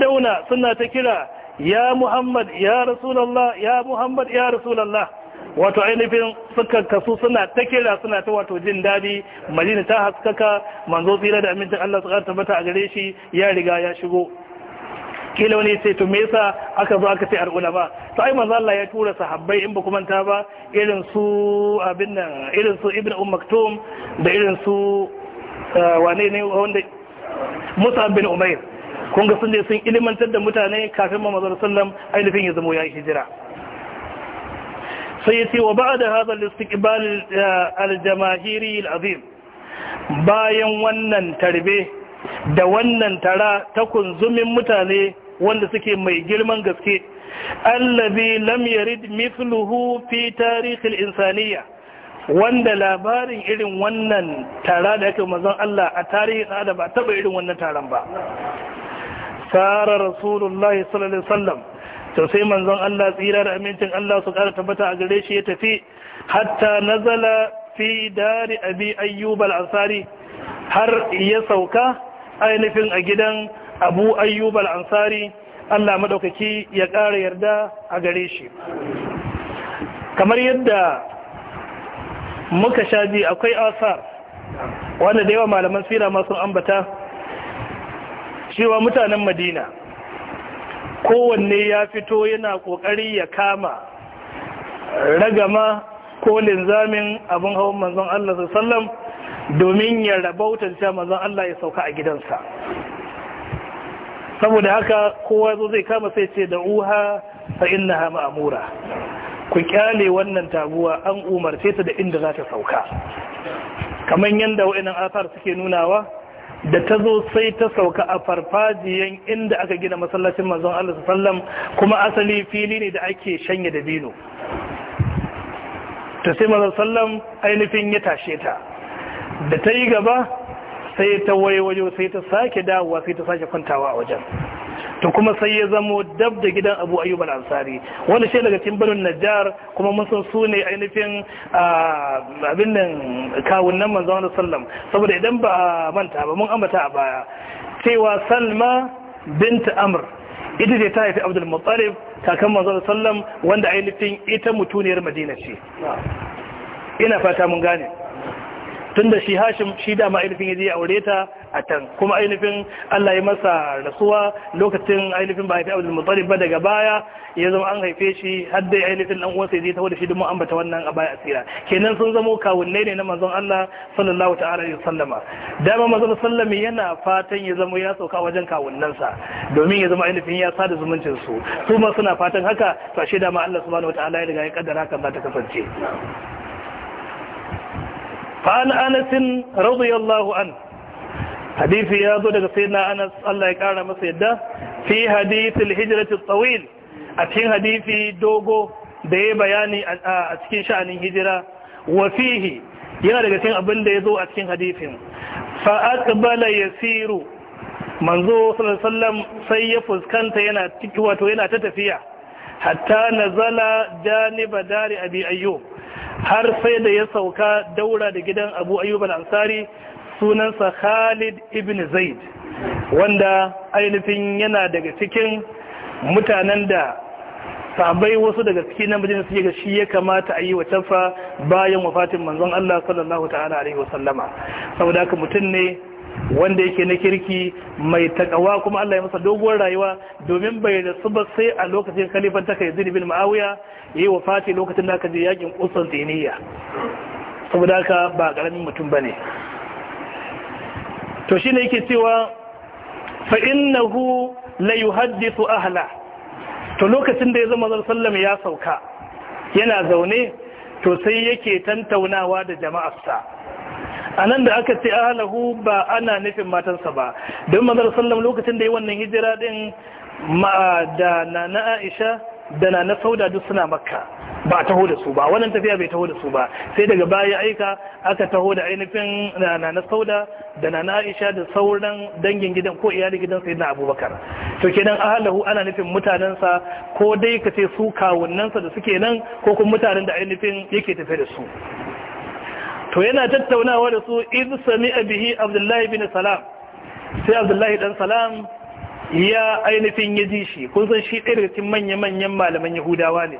dauna suna ta kira ya muhammad ya rasulallah ya muhammad ya rasulallah wato ainihin suka kasu suna ta kira suna ta wato jin daɗi madina ta haskaka manzo tsira da amincin allah su tabbata a gare shi ya riga ya shigo kila wani ce to me yasa aka zo aka ce al ulama to ai manzo Allah ya tura sahabbai in ba kuma ta ba irin su abin nan irin su ibnu um maktum da irin su eh, wane ne wanda Musa bin Umair kun ga sun je sun ilimantar da mutane kafin manzo sallam ainihin ya zama ya hijira sai yace wa ba'da hadha al-istiqbal eh, al-jamaahiri al-azim bayan wannan tarbe da wannan tara ta kunzumin mutane wanda suke mai girman gaske allazi lam yarid mithluhu fi tarihil insaniya wanda labarin irin wannan tara da yake manzon Allah a tarihin da ba taba irin wannan taron ba sara rasulullahi sallallahu alaihi wasallam to sai manzon Allah tsira da amincin Allah su kara tabbata a gare shi ya tafi hatta nazala fi dari abi ayyub al-ansari har ya sauka ainihin a gidan abu ayyub ansari Allah maɗaukaki, ya ƙara yarda a gare shi kamar yadda muka shaji akwai asar wanda da yawa malaman sira masu ambata cewa mutanen madina kowanne ya fito yana ƙoƙari ya kama ragama ko linzamin abin hawan manzon Allah sallam domin ya rabautar cewa manzon Allah ya sauka a gidansa saboda haka kowa zo zai kama sai ce da uha fa ha ma'amura, ku kyale wannan taguwa an umarce ta da inda za ta sauka kamar yadda wa'annan asar suke nunawa da ta zo sai ta sauka a farfajiyan inda aka gina masallacin manzon Allah sallam kuma asali fili ne da ake shanya da dino ta sai manzon sallam ainihin ya tashe ta da ta yi gaba sai ta waje sai ta sake dawowa sai ta sake kwantawa a wajen to kuma sai ya zama dab da gidan abu ayyub al-ansari wanda shi daga cikin banin najjar kuma mun san su ne ainihin abin nan kawun nan manzo Allah sallam saboda idan ba manta ba mun ambata a baya cewa salma bint amr ita ce ta haifi abdul muttalib kakan manzo sallam wanda ainihin ita mutuniyar madina ce ina fata mun gane tun da shi hashim shi dama ainihin ya je aure ta a can kuma ainihin Allah ya masa rasuwa lokacin ainihin ba abu da mutane ba daga baya ya zama an haife shi har dai ainihin dan uwansa ya je ta da shi domin ambata wannan a baya asira kenan sun zamo kawunne ne na manzon Allah sallallahu ta'ala ya sallama dama manzon sallami yana fatan ya zama ya sauka wajen kawunnansa domin ya zama ainihin ya sada zumuncin su su ma suna fatan haka to ashe dama Allah subhanahu wa ta'ala ya riga ya kaddara hakan za ta kasance قال انس رضي an عنه ya zo daga sayyidina Anas Allah ya kara masa yadda fi hadith al-hijrat al-tawil atin hadithi dogo da ya bayani a cikin sha'anin hijira Wafihi yana daga cikin abin da zo a cikin hadithin fa aqbala yasiru manzo sallallahu sai ya fuskanta wato yana ta tafiya hatta nazala janiba dari abi ayyub har sai da ya sauka daura da gidan abu ayyub al-ansari sunansa Khalid ibn Zaid wanda ainihin yana daga cikin mutanen da sabai wasu daga cikin namijin bajin suke ga shi ya kamata a yi wa tafa bayan wafatin manzon Allah sallallahu ta'ala alaihi wasallama saboda haka mutum ne wanda yake na kirki mai takawa kuma Allah ya masa doguwar rayuwa domin bai su ba sai a lokacin kalifan ta zini bin yi wa Fati lokacin da aka je yakin tsiniya saboda haka ba karamin mutum bane to shi ne yake cewa fa innahu la yuhaddithu ahla to lokacin da ya zama sallama ya sauka yana zaune to sai yake tantaunawa da jama'arsa a nan da aka ce ahalahu ba ana nufin matansa ba don mazar sallam lokacin da yi wannan hijira din da na na aisha da na na sauda duk suna makka ba a taho da su ba wannan tafiya bai taho da su ba sai daga baya aika aka taho da ainihin na na sauda da na na aisha da sauran dangin gidan ko iyali gidan sai na abubakar to kenan ahalahu ana nufin mutanensa ko dai ka ce su kawunansa da suke nan ko kuma mutanen da ainihin yake tafe da su to yana tattaunawa da su iz sami'a bihi abdullahi bin salam sai abdullahi dan salam ya ainihin ya ji shi kun san shi ɗaya daga cikin manya-manyan malaman yahudawa ne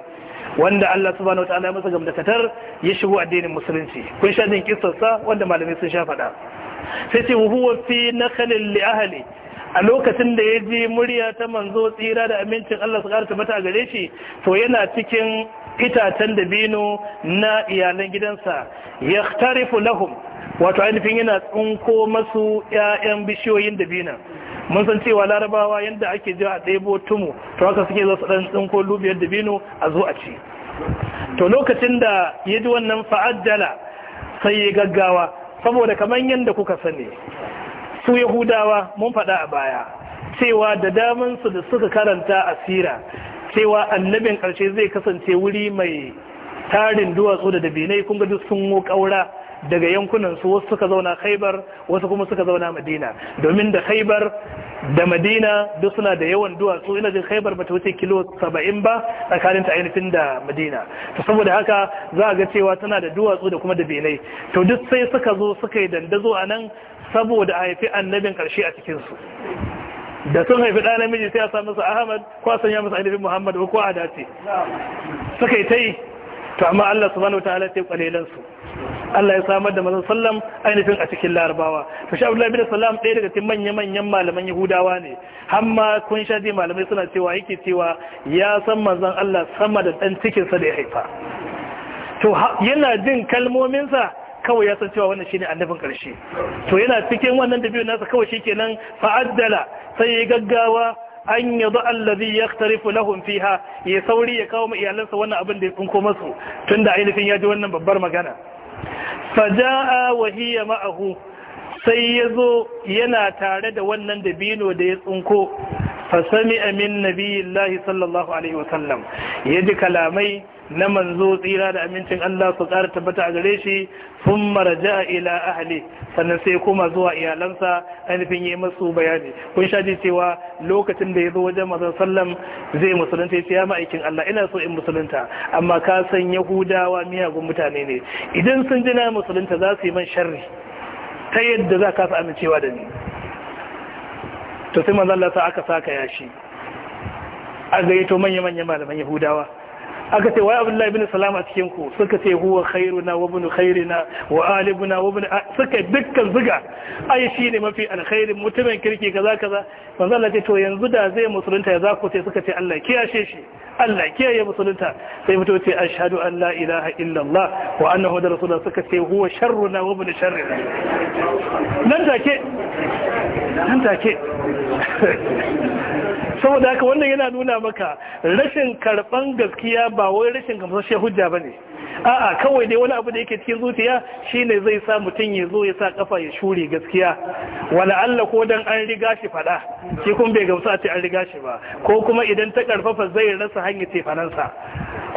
wanda Allah subhanahu wataala masa gamdakatar ya shigo addinin musulunci kun sha din kissarsa wanda malamai sun sha faɗa sai ce huwa fi nakhalin li ahli a lokacin da ya ji murya ta manzo tsira da amincin Allah su ƙara tabbata gare shi to yana cikin itacen dabino na iyalan gidansa ya tarifu lahum wato ainihin yana tsunko masu 'ya'yan bishiyoyin dabinan mun san cewa larabawa yadda ake ji a ɗebo tumu to haka suke zo su ɗan tsunko lubiyar dabino a zo a ci to lokacin da ya ji wannan fa'ajjala sai ya gaggawa saboda kamar yadda kuka sani su yahudawa mun faɗa a baya cewa da damansu da suka karanta asira cewa annabin ƙarshe zai kasance wuri mai tarin duwatsu da dabinai kun ga sun mu ƙaura daga yankunansu wasu suka zauna haibar wasu kuma suka zauna madina domin da haibar da madina duk suna da yawan duwatsu ina jin haibar bata wuce kilo saba'in ba tsakanin ta ainihin da madina to saboda haka za a ga cewa tana da duwatsu da kuma dabinai to duk sai suka zo suka yi dandazo a nan saboda a haifi annabin ƙarshe a cikinsu da sun haifi ɗan namiji sai a sa masa ahmad ko a sanya masa annabin muhammad ko a dace suka yi ta yi to amma allah su wa ta'ala ce yi Allah ya samar da mazan sallam ainihin a cikin larabawa to sha Abdullahi da Salam ɗaya daga cikin manya-manyan malaman Yahudawa ne hamma kun sha ji malamai suna cewa yake cewa ya san mazan Allah sama da ɗan cikinsa da ya haifa to yana jin kalmominsa. kawai ya san cewa wannan shine annabin karshe to yana cikin wannan tafiyar nasa kawai shikenan fa'addala sai ya gaggawa an yadu allazi yaktarifu lahum fiha ya sauri ya kawo iyalansa wannan abin da ya tsinko masu tunda ainihin ya ji wannan babbar magana faja'a wa hiya ma'ahu sai ya zo yana tare da wannan dabino da ya tsinko fasami amin nabiyillahi sallallahu alaihi wasallam ya ji kalamai na manzo tsira da amincin Allah su ƙara tabbata a gare shi sun maraja ila ahli sannan sai kuma zuwa iyalansa ainihin yi masu bayani kun sha cewa lokacin da ya zo wajen mazan sallam zai musulunta ya ma ma'aikin Allah ina so in musulunta amma ka san yahudawa miyagun mutane ne idan sun ji na musulunta za su yi man sharri ta yadda za ka fi amincewa da ni to sai aka saka yashi a gaito manya-manya malaman yahudawa aka ce wai abdullahi ibn salama cikin ku suka ce huwa khairuna wa ibn khairina wa alibuna wa ibn suka dukkan zuga ai ne mafi alkhairin mutumin kirki kaza kaza manzo Allah ce to yanzu da zai musulunta ya zaku ce suka ce Allah kiyashe shi Allah kiyaye musulunta sai fito ce ashhadu an la ilaha illa Allah wa anna muhammadar rasulullah suka ce huwa sharruna wa ibn sharrina nan take nan take saboda haka wannan yana nuna maka rashin karban gaskiya ba wai rashin gamsasshiyar hujja ba bane a'a kawai dai wani abu da yake cikin zuciya shine zai sa mutum ya zo ya sa kafa ya shure gaskiya wala Allah ko dan an riga shi fada shi kun bai gamsu a ce an riga shi ba ko kuma idan ta karfafa zai rasa hanyar tefanansa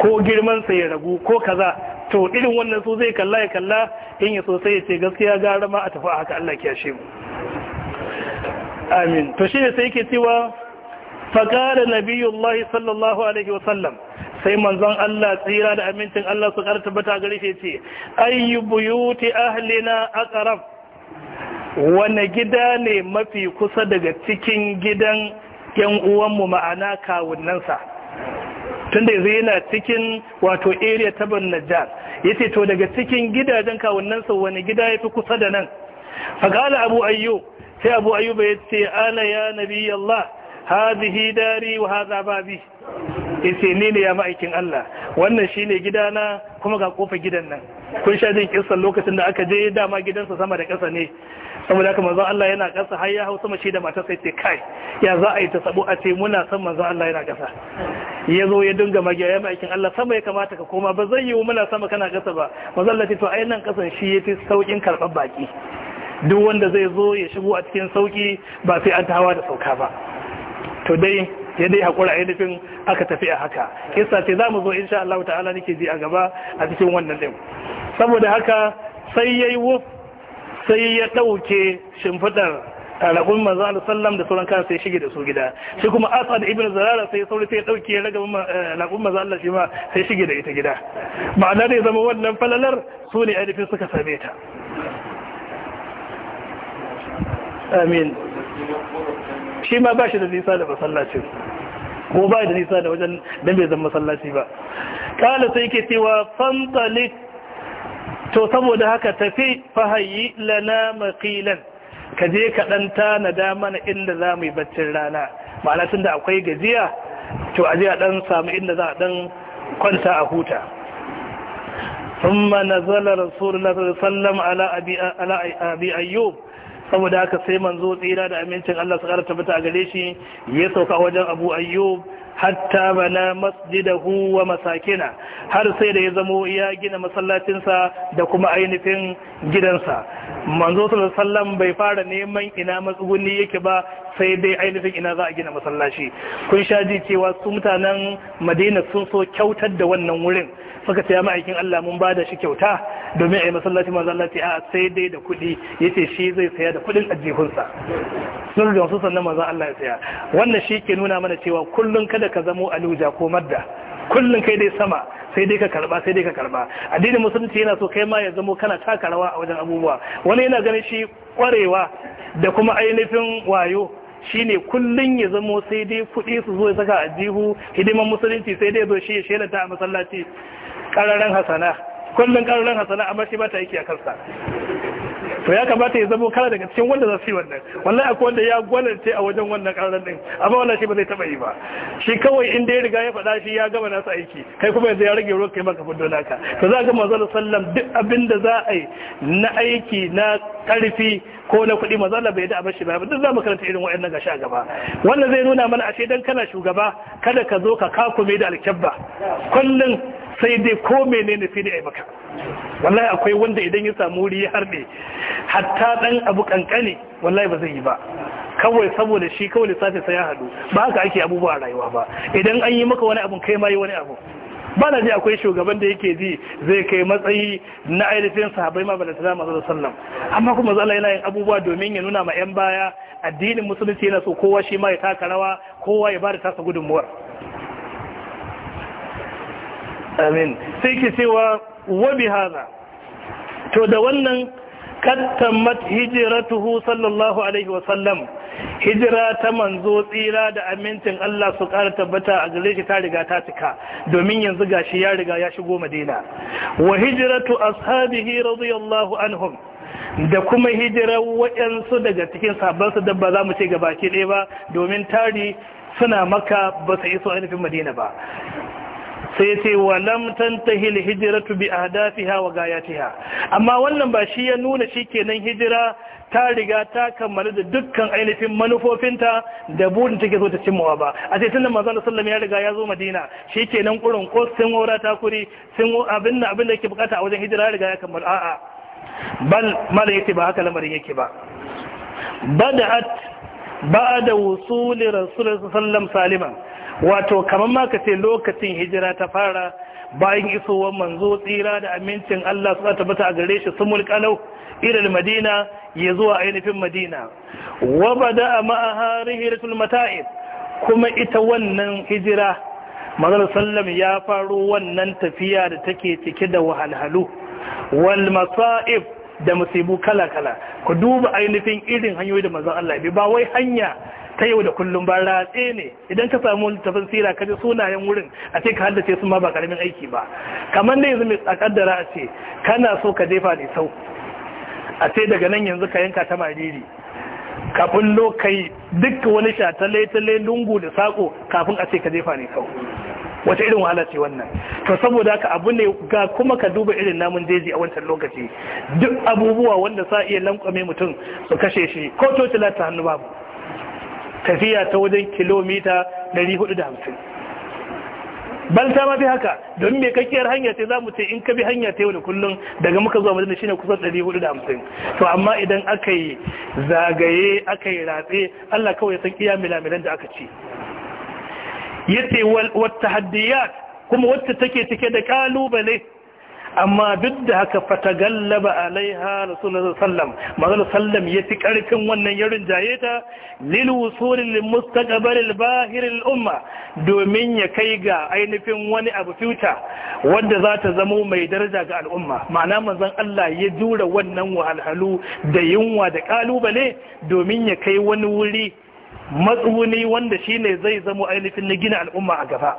ko girman sa ya ragu ko kaza to irin wannan su zai kalla ya kalla in ya so sai ya ce gaskiya gara ma a tafi a haka Allah ya shi mu amin to shine sai yake cewa فقال نبي الله صلى الله عليه وسلم sai manzon Allah tsira da amincin Allah su karanta bata gare shi ce ayyu buyuti ahlina aqrab wani gida ne mafi kusa daga cikin gidan yan uwanmu ma'ana sa, tunda yanzu yana cikin wato area ta Ban Najjar yace to daga cikin gidajen sa wani gida yafi kusa da nan faqala abu ayyub sai abu ayyub ce ana ya nabi Hadihi dari wa hadha babi yace ni ne ya ma'aikin Allah wannan shine gidana kuma ga kofar gidan nan kun sha jin kissan lokacin da aka je dama gidansa sama da ƙasa ne saboda haka manzo Allah yana ƙasa har ya hau sama shi da matar sai ce kai ya za a yi ta sabo a ce muna son manzo Allah yana ƙasa ya zo ya dinga magiya ya ma'aikin Allah sama ya kamata ka koma ba zai yi muna sama kana ƙasa ba manzo Allah ce to ai nan ƙasan shi yafi saukin karɓar baki duk wanda zai zo ya shigo a cikin sauki ba sai an hawa da sauka ba to dai ya dai haƙura ainihin aka tafi a haka kisa ce za mu zo insha Allah ta'ala nake ji a gaba a cikin wannan ɗin saboda haka sai ya yi wuf sai ya ɗauke shimfiɗar rabin manzo Allah sallam da sauran kansa ya shige da su gida shi kuma Asad ibn Zarara sai sauri sai dauke raga eh, rabin manzo Allah shi ma sai shige da ita gida ma'ana dai zama wannan falalar su ne ainihin suka same ta amin shi ma ba shi da nisa da masallacin ko ba da nisa da wajen da bai zan masallaci ba kala sai ke cewa fantalik to saboda haka tafi fahayi lana makilan ka je ka dan tanada mana inda za mu yi baccin rana ma'ana tun da akwai gajiya to a je a dan samu inda za a dan kwanta a huta ثم نزل رسول الله صلى الله عليه وسلم على على saboda haka sai manzo tsira da amincin Allah su ta tabbata a gare shi ya sauka wajen Abu Ayyub hatta bana masjidahu wa masakina har sai da ya zamo ya gina masallacinsa da kuma ainihin gidansa manzo sallallahu bai fara neman ina matsuguni yake ba sai dai ainihin ina za a gina masallaci kun sha ji cewa su mutanen Madina sun so kyautar da wannan wurin suka ce ma'aikin Allah mun bada shi kyauta domin a yi masallaci manzo Allah a sai dai da kuɗi ce shi zai saya da kuɗin ajihunsa sun da wasu sannan manzo Allah ya saya wannan shi ke nuna mana cewa kullum kada ka zamo aluja ko madda Kullum kai dai sama sai dai ka karba sai dai ka karba addinin musulunci yana so kai ma ya zamo kana taka rawa a wajen abubuwa wani yana ganin shi kwarewa da kuma ainihin wayo shine kullum ya zamo sai dai kuɗi su zo ya saka a jihu hidiman musulunci sai dai zo shi ya shelanta a masallaci ƙararren hasana kullum ƙaruran hasana amma shi ba ta aiki a kansa to ya kamata ya zama kala daga cikin wanda za su yi wannan wallahi akwai wanda ya gwalance a wajen wannan ƙaruran din amma wallahi shi ba zai taɓa yi ba shi kawai inda ya riga ya faɗa shi ya gama nasa aiki kai kuma yanzu ya rage ruwan kai maka fuddo naka to za ga manzo sallam duk abin da za a yi na aiki na ƙarfi ko na kuɗi manzo Allah bai da abashi ba duk za mu karanta irin wayannan gashi a gaba wannan zai nuna mana ashe dan kana shugaba kada ka zo ka kakume da alkabba kullun sai dai ko menene sai dai ai maka wallahi akwai wanda idan ya samu wuri ya harbe hatta dan abu kankane wallahi ba zai yi ba kawai saboda shi kawai lissafi sai ya hadu ba haka ake abubuwa rayuwa ba idan an yi maka wani abun kai ma yi wani abu ba na ji akwai shugaban da yake ji zai kai matsayi na ainihin sahabai ma bala tana masu sallam amma kuma zala yana yin abubuwa domin ya nuna ma 'yan baya addinin musulunci yana so kowa shi ma ya taka rawa kowa ya ba da tasa gudunmuwar amin sai ki cewa wabi hada to da wannan kattamat hijiratuhu sallallahu alaihi wasallam hijira ta manzo tsira da amincin Allah su kara tabbata a gare shi ta riga ta cika domin yanzu gashi ya riga ya shigo madina wa hijiratu ashabihi radiyallahu anhum da kuma hijirar wayansu daga cikin sabansu dabba za mu ce gabaki ɗaya ba domin tari suna maka ba su iso ainihin madina ba sai ce wa lam tantahi alhijratu bi ahdafiha wa gayatiha amma wannan ba shi ya nuna shikenan hijira ta riga ta kammala da dukkan ainihin manufofinta da burin take so ta cimmawa ba a ce tunda manzo sallallahu alaihi ya riga ya zo Madina shikenan kurin ko sun wura ta kuri sun abin abin da yake bukata a wajen hijira riga ya kammala a bal mala yake ba haka lamarin yake ba bada'at ba'da wusuli rasulullahi sallallahu alaihi wasallam saliman wato kamar ma ce lokacin hijira ta fara bayan isowar manzo tsira da amincin Allah su tabbata a gare shi sun mulkanau irin madina ya zuwa ainihin madina wa a ma'ahari hirisul mata'in kuma ita wannan hijira manzon sallam ya faru wannan tafiya da take cike da wahalhalu wal masa'ib da musibu kala kala ku duba ainihin irin hanyoyi da mazan Allah bi ba wai hanya ta yau da kullum ba ratse ne idan ka samu littafin sira ka ji sunayen wurin a ce ka haddace su ma ba karamin aiki ba kamar da yanzu mai tsakaddara a ce kana so ka jefa ne sau a ce daga nan yanzu ka yanka ta mariri kafin lokai duk wani shatale lungu da sako kafin a ce ka jefa ne sau wata irin wahala ce wannan to saboda haka abu ne ga kuma ka duba irin namun jeji a wancan lokaci duk abubuwa wanda sa iya lankwame mutum su kashe shi ko to ta hannu babu tafiya ta wajen kilomita 450 ban ta mafi haka don mai kakiyar hanya ce za mu ce in ka bi hanya ta yau da kullum daga muka zuwa madina shine kusan 450 to amma idan aka yi zagaye aka yi ratse allah kawai ya san iya milamilan da aka ci yace wata haddiyat kuma wacce take cike da kalubale amma duk da haka fatagallaba alaiha rasulullah sallam manzon sallam ya fi karfin wannan ya jaye ta lil wusul lil umma domin ya kai ga ainihin wani abu future wanda za ta zamo mai daraja ga al'umma ma'ana manzon Allah ya jura wannan wahalhalu da yunwa da kalubale domin ya kai wani wuri matsuni wanda shine zai zamo ainihin na gina al'umma a gaba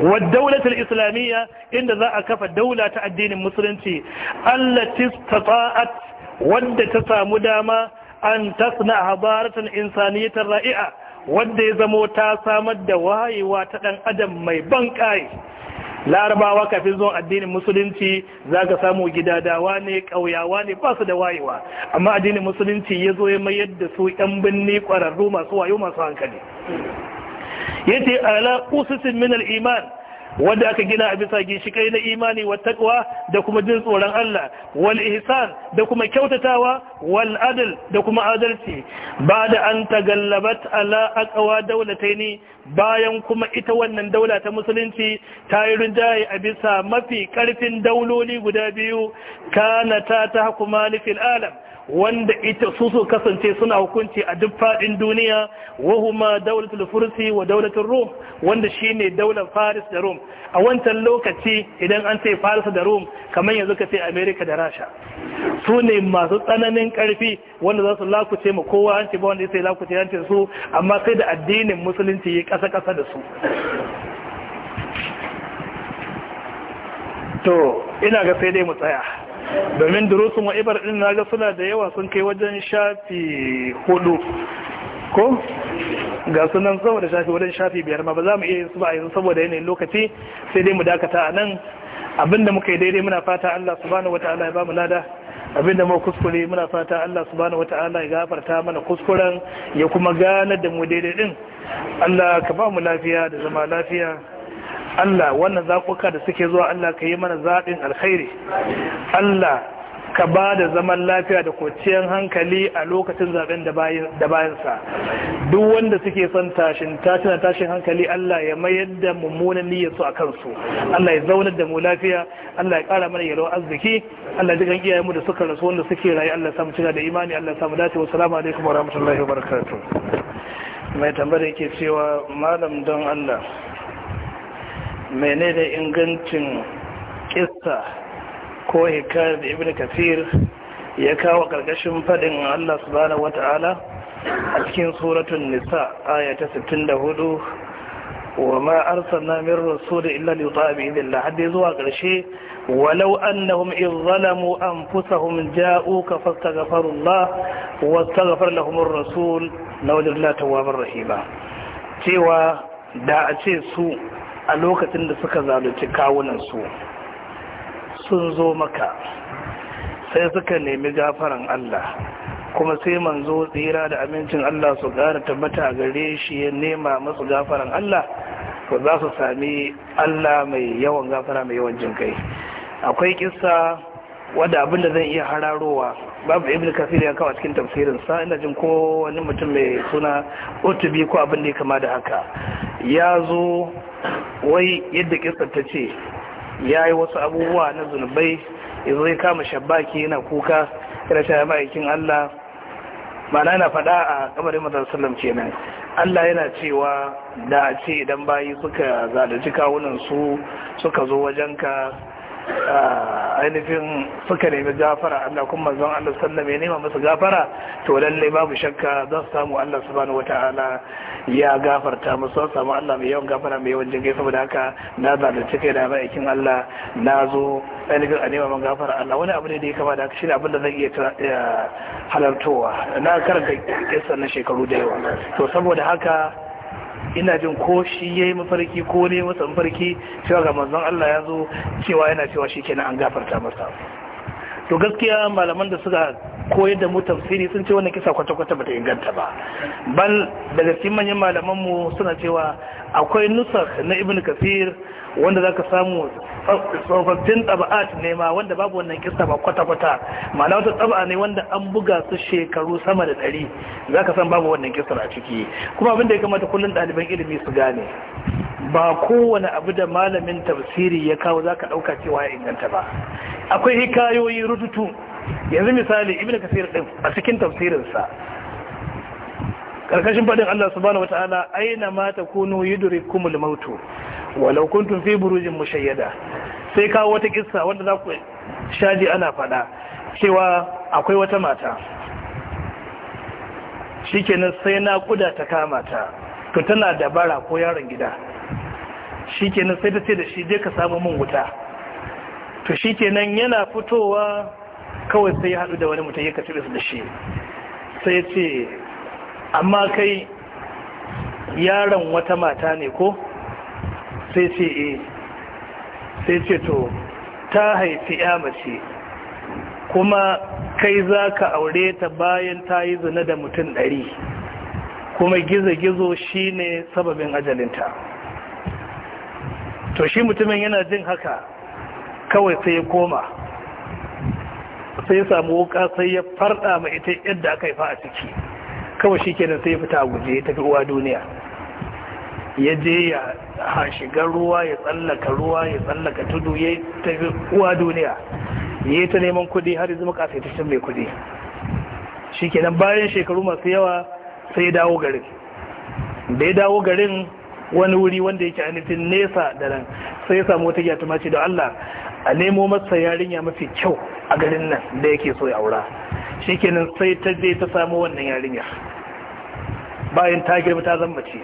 والدولة الإسلامية إن ذا أكف دولة الدين المسلمتي التي استطاعت ود تسام داما أن تصنع هضارة إنسانية رائعة ود يزمو تاسام دواي واتدن أدم مي بنكاي larabawa kafin zuwan addinin musulunci za ka samu gidadawa ne ƙauyawa ne ba su da wayewa amma addinin musulunci ya zo ya mayar da su 'yan binni ƙwararru masu wayo masu hankali yace ala ususin min al-iman wanda aka gina a bisa ginshikai na imani wa taqwa da kuma jin tsoron Allah wal ihsan da kuma kyautatawa wal adl da kuma adalci bada an tagallabat ala aqwa dawlataini bayan kuma ita wannan daula ta musulunci ta yi rinjaye a bisa mafi karfin dauloli guda biyu kana ta tahkuma fil alam wanda ita su su kasance suna hukunci a duk fadin duniya wahuma daulatul fursi wa daulatul rum wanda shine daular faris da rum a wancan lokaci idan an ce faris da rum kamar yanzu ka ce america da rasha su ne masu tsananin karfi wanda za su lakuce ma kowa an ce ba wanda ya sai lakuce an ce su amma sai da addinin musulunci ya kasa kasa da su to ina ga sai dai mu tsaya domin durusun wa ibar din naga suna da yawa sun kai wajen shafi hudu ko ga sunan saboda shafi wajen shafi biyar ma ba za mu iya su ba a yanzu saboda yanayin lokaci sai dai mu dakata a nan abinda muka yi daidai muna fata Allah subhanahu wata'ala ya ba mu lada abinda mu kuskure muna fata Allah subhanahu wata'ala ya gafarta mana kuskuren ya kuma gane da mu daidai din Allah ka ba mu lafiya da zama lafiya Allah wannan zakuka da suke zuwa Allah ka yi mana zaɓin alkhairi Allah ka ba da zaman lafiya da kwanciyar hankali a lokacin zaben da bayansa duk wanda suke son tashin tashin tashin hankali Allah ya mayar da mummunan su a kansu Allah ya zaunar da mu lafiya Allah ya ƙara mana yalwar arziki Allah ya kan iyayen mu da suka rasu wanda suke rayu Allah ya samu cika da imani Allah ya samu dace wa salamu alaikum wa rahmatullahi wa barakatuh mai tambaya yake cewa malam don Allah menene ingancin kissa ko hikayar da ibn kafir ya kawo ƙarƙashin faɗin Allah subhanahu wata'ala a cikin suratun nisa aya hudu 64 wa ma arsalna min rasul illa li yuta'a bi idillah zuwa ƙarshe walau annahum idh zalamu anfusahum ja'uka fastaghfirullah wastaghfir lahum ar-rasul lawajadna tawwabar rahima cewa da a ce su a lokacin da suka zalunci kawunansu sun zo maka sai suka nemi gafaran Allah kuma sai manzo tsira da amincin Allah su gara tabbata gare shi ya nema masu gafaran Allah ko za su sami Allah mai yawan gafara mai yawan jin kai akwai kissa wadda abinda zan iya hararowa babu ibn kasir ya kawo cikin tafsirin sa ina jin ko wani mutum mai suna otubi ko abin da ya kama da haka ya zo wai yadda kisar ta ce ya yi wasu abubuwa na zunubai yanzu zai kama shabaki yana kuka yana shaya ma'aikin Allah mana na faɗa a kamarin matar sallam kenan Allah yana cewa da a ce idan bayi suka zalunci kawunan su suka zo wajenka ainihin suka nemi gafara Allah kuma manzon Allah sallame nema masu gafara to lalle babu shakka za samu Allah subhanahu wataala ya gafarta musu sun samu Allah mai yawan gafara mai yawan jinkai saboda haka na zalunci kai da aikin Allah na zo ainihin a nema man gafara Allah wani abu ne da ya kama da haka ne abin da zan iya halartowa na karanta kisan na shekaru da yawa to saboda haka ina jin ko shi ya yi mafarki ko ne masa mafarki cewa ga manzon Allah ya zo cewa yana cewa shi kenan an gafarta masa to gaskiya malaman da suka koyar da mu tafsiri sun ce wannan kisa kwata-kwata bata inganta ba bal daga cikin manyan malaman mu suna cewa akwai nusar na ibn kasir wanda zaka samu tsofaffin taba'at ne ma wanda babu wannan kisa ba kwata-kwata ma'ana wata taba'a ne wanda an buga su shekaru sama da ɗari zaka san babu wannan kisa a ciki kuma abin da ya kamata kullum ɗaliban ilimi su gane ba kowane abu da malamin tafsiri ya kawo zaka ɗauka cewa ya inganta ba akwai hikayoyi rututu yanzu misali ibn kasir din a cikin tafsirinsa karkashin fadin Allah subhanahu wataala aina ma takunu yudrikumul maut walau kuntum fi burujin mushayyada sai kawo wata kissa wanda za ku shaji ana fada cewa akwai wata mata shikenan sai na kuda ta kama ta to tana da ko yaron gida shikenan sai ta ce da shi je ka samu min wuta to shikenan yana fitowa kawai sai ya haɗu da wani mutum ya su da shi sai ya ce amma kai yaron wata mata ne ko sai ce e sai ce to ta haifi ya mace kuma kai za ka aure ta bayan ta yi zina da mutum ɗari kuma gizo-gizo shi ne sababin ajalinta to shi mutumin yana jin haka kawai sai ya koma sai ya samu wuka sai ya farda ma ita yadda aka yi fa a ciki kawai shi kenan sai ya fita a guje ya tafi uwa duniya ya je ya shiga ruwa ya tsallaka ruwa ya tsallaka tudu ya tafi uwa duniya ya yi ta neman kudi har zama kasaitaccen mai kudi shi kenan bayan shekaru masu yawa sai ya dawo garin da ya dawo garin wani wuri wanda yake ainihin nesa da nan sai ya samu wata gyatuma ce da Allah a nemo masa yarinya mafi kyau a garin nan da yake so ya aura shi kenan sai ta je ta samu wannan yarinya bayan ta girma ta ce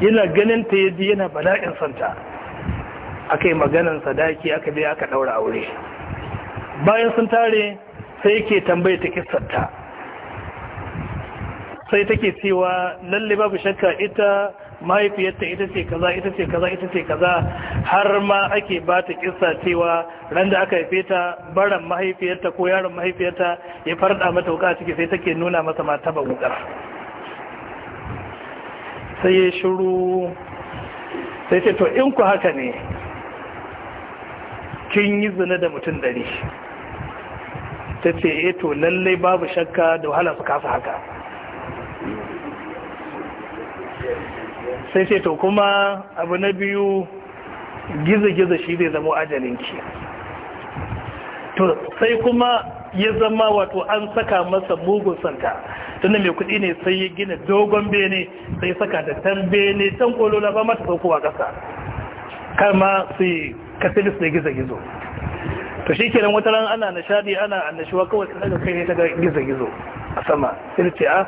yana ganin ta yaji yana bala'in santa aka yi maganan sadaki aka biya aka daura aure bayan sun tare sai yake tambaye ta kissarta sai take cewa lalle babu shakka ita mahaifiyarta ita ce kaza ita ce kaza ita ce kaza har ma ake ba ta kissa cewa ran da aka haife ta baran mahaifiyarta ko yaron mahaifiyarta ya farda mata wuka ciki sai take nuna masa ma taba wukar sai ya shiru sai ce to in ku haka ne kin yi zina da mutum dari ta ce e to lallai babu shakka da wahala su kasa haka sai ce to kuma abu na biyu gizo-gizo shi zai zama ajalinki to sai kuma ya zama wato an saka masa mugun santa tunda mai kudi ne sai ya gina dogon bene sai saka da tan bene tan kolola ba mata saukowa kasa kama su kasilis da gizo-gizo to shi kenan wata ran ana nishadi ana annashuwa kawai tsanaga kai ne ta gizo-gizo a sama sai a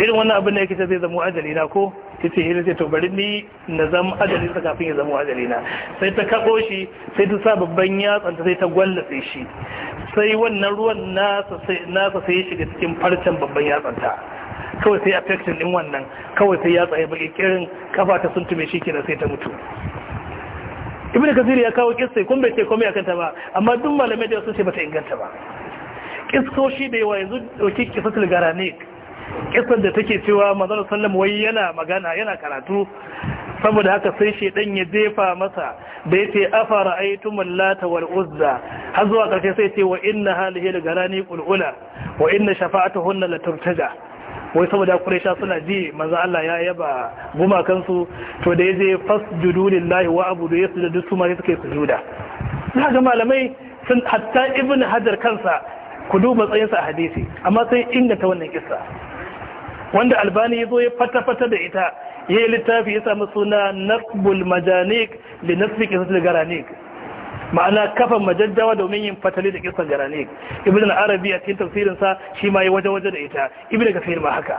irin wannan abin da yake ce zai zama ajali na ko tace hira eh, ce to bari ni na zama ajali sa kafin ya zama ajali na sai ta kabo shi sai ta sa babban yatsan ta sai ta gwallace shi sai wannan ruwan nasa sai nasa sai ya shiga cikin farcen babban yatsan ta kawai sai affection din wannan kawai sai ya tsaya baki kirin kafa ta sun tume shi kenan sai ta mutu ibn kasir ya kawo kissa kun bai ce komai akan ta ba amma duk malamai da sun ce bata inganta ba kiskoshi da yawa yanzu dauki kisatul garanik kisar da take cewa manzon sallam wai yana magana yana karatu saboda haka sai shaidan ya jefa masa da yace afara yi lata wal uzza har zuwa karshe sai ce wa inna gara ni qulula wa inna shafa'atuhunna laturtaja wai saboda sha suna ji manzo Allah ya yaba gumakan su to da yaje fasjudu lillahi wa abudu yasjudu su ma suke sujuda ga malamai sun hatta ibn hajar kansa ku duba tsayinsa a hadisi amma sai inganta wannan kisa. wanda albani ya zo ya fata-fata da ita ya yi littafi ya samu suna nasbul majanik da nasbi kisar garanik ma'ana kafa majaddawa domin yin fatali da kisar garanik ibn arabi a cikin tafsirinsa shi ma yi waje-waje da ita ibn kafir ma haka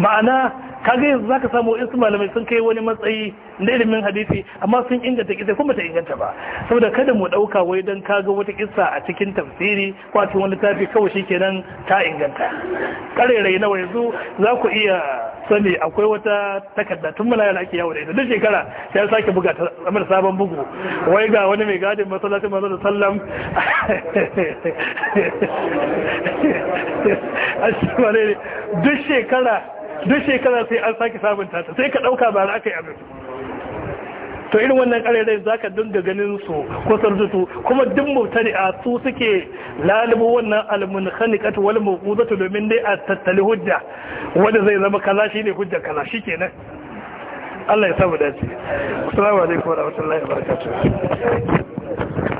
ma'ana Ka ga yanzu za ka samu su malamai sun kai wani matsayi na ilimin hadisi amma sun inganta kisa kuma ta inganta ba saboda kada mu dauka wai dan kaga wata kisa a cikin tafsiri ko a cikin wani tafi kawai shikenan ta inganta karerai nawa yanzu za ku iya sani akwai wata takarda tun muna yana ake yawo da ita duk shekara ya sake buga ta sabon bugu wai ga wani mai gadin masallacin manzo da sallam a shi duk shekara duk shekara sai an sake sabunta ta sai ka ɗauka ba za ka yi abin to irin wannan karerai za ka dinga ganin su kusan sarzutu kuma duk mutane a su suke lalubu wannan almun khaniqat wal mawqudatu domin dai a tattali hujja wanda zai zama kaza shine hujja kaza shikenan Allah ya samu dace assalamu alaikum wa rahmatullahi wa barakatuh